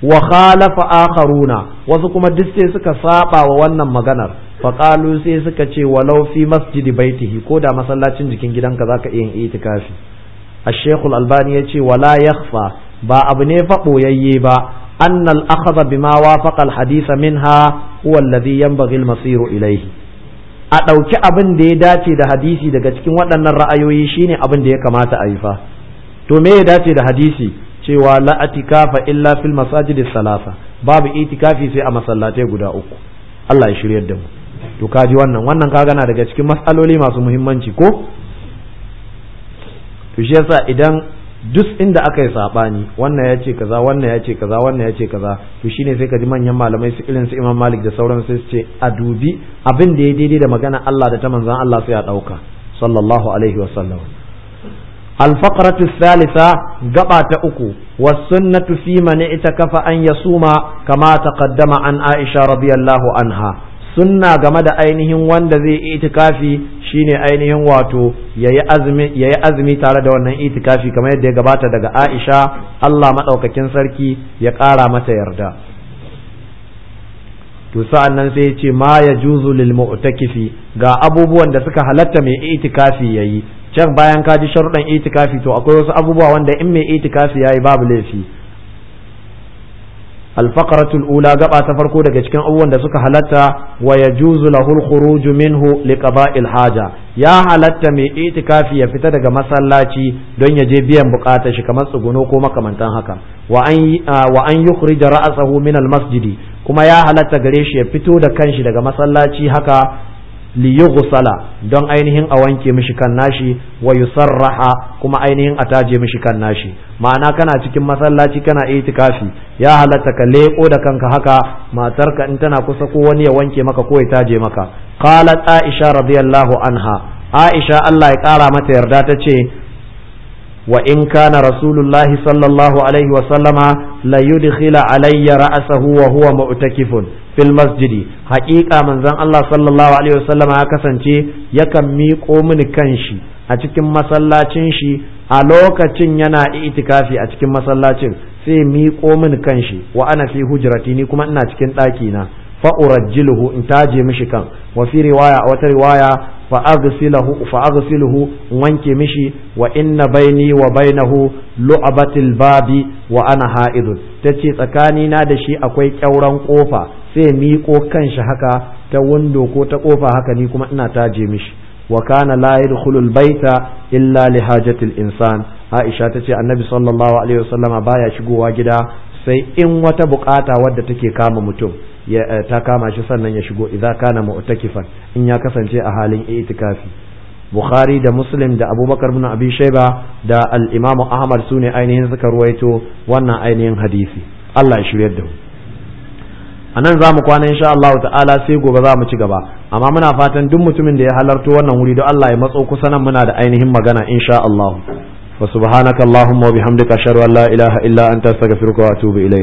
wa khalafa akharuna wasu kuma duk suka saba wa wannan maganar faƙalu sai suka ce walau fi masjidi baitihi ko da masallacin jikin gidanka za ka iya yin itikafi a shekul albani ya ce wala fa ba abu ne fa ɓoyayye ba أن الأخذ بما hadisa min ha هو الذي ينبغي المصير إليه a ɗauki abin da ya dace da hadisi daga cikin waɗannan ra'ayoyi shine abin da ya kamata a yi fa to me ya dace da hadisi cewa la atikafa illa fil masajidi salasa babu itikafi sai a masallatai guda uku Allah ya shiryar da mu to kaji wannan wannan kaga na daga cikin matsaloli masu muhimmanci ko to shi yasa idan duk inda aka yi sabani wannan ya ce kaza wannan ya ce kaza wannan ya ce kaza to shine sai ka ji manyan malamai su irin su Imam Malik da sauran su ce a dubi abin da ya daidai da magana Allah da ta manzon Allah sai a dauka sallallahu alaihi wasallam الفقرة الثالثة قطعة أكو والسنة في من اعتكف أن يصوم كما تقدم عن عائشة رضي الله عنها sunna game da ainihin wanda zai itikafi shine ainihin wato yayi azumi yayi azumi tare da wannan itikafi kamar yadda ya gabata daga Aisha Allah madaukakin sarki ya kara mata yarda to sa'an sai ya ce ma ya juzu lil mu'takifi ga abubuwan da suka halatta mai itikafi yayi can bayan ka ji sharuɗan itikafi to akwai wasu abubuwa wanda in mai itikafi yayi babu laifi alfaqaratul ula gaba ta farko daga cikin abubuwan da suka halatta wa yajuzu lahul khuruj minhu liqada'il haja ya halatta mai itikafi ya fita daga masallaci don ya je biyan bukatar shi kamar tsuguno ko makamantan haka wa an wa an yukhrij ra'sahu min al masjidi kuma ya halatta gare shi ya fito da kanshi daga masallaci haka liyughsala don ainihin a wanke mishi kan nashi wa yusarraha kuma ainihin a taje mishi kan nashi ma'ana kana cikin masallaci kana itikafi ya halatta ka leko da kanka haka matarka in tana kusa ko wani ya wanke maka ko ya taje maka qalat aisha radiyallahu anha aisha Allah ya kara mata yarda ta ce wa in kana rasulullahi sallallahu alaihi wa sallama la yudkhila alayya wa huwa mu'takifun fil masjidi haqiqa manzon Allah sallallahu alaihi wa sallama ya kasance yakan miƙo mini kanshi a cikin masallacin shi a lokacin yana itikafi a cikin masallacin sai miƙo mini kanshi wa ana fi hujrati ni kuma ina cikin ɗaki na fa urajjiluhu in taje mishi kan wa riwaya a wata riwaya in wanke mishi wa inna baini wa bainahu lu'abatil babi wa ana ha'idun tace tsakani na da shi akwai kyauran ƙofa sai miƙo kanshi haka ta windo ko ta ƙofa haka ni kuma ina taje mishi Wakana kana la baita illa li hajatil insan Aisha tace Annabi sallallahu alaihi wasallama baya shigowa gida sai in wata buƙata wadda take kama mutum Eh, ta kama shi sannan ya shigo idza kana mu'takifan in ya kasance a halin itikafi bukhari da muslim da abubakar bin abi shaiba da al-imamu ahmad su ainihin suka ruwaito wannan ainihin hadisi allah ya shiryar da mu a nan za mu kwana insha Allah ta'ala sai gobe za mu ci gaba amma muna fatan duk mutumin da ya halarto wannan wuri don Allah ya matso kusa nan muna da ainihin magana insha Allah wa subhanaka Allahumma wa bihamdika ashhadu an la ilaha illa anta astaghfiruka wa atubu ilayk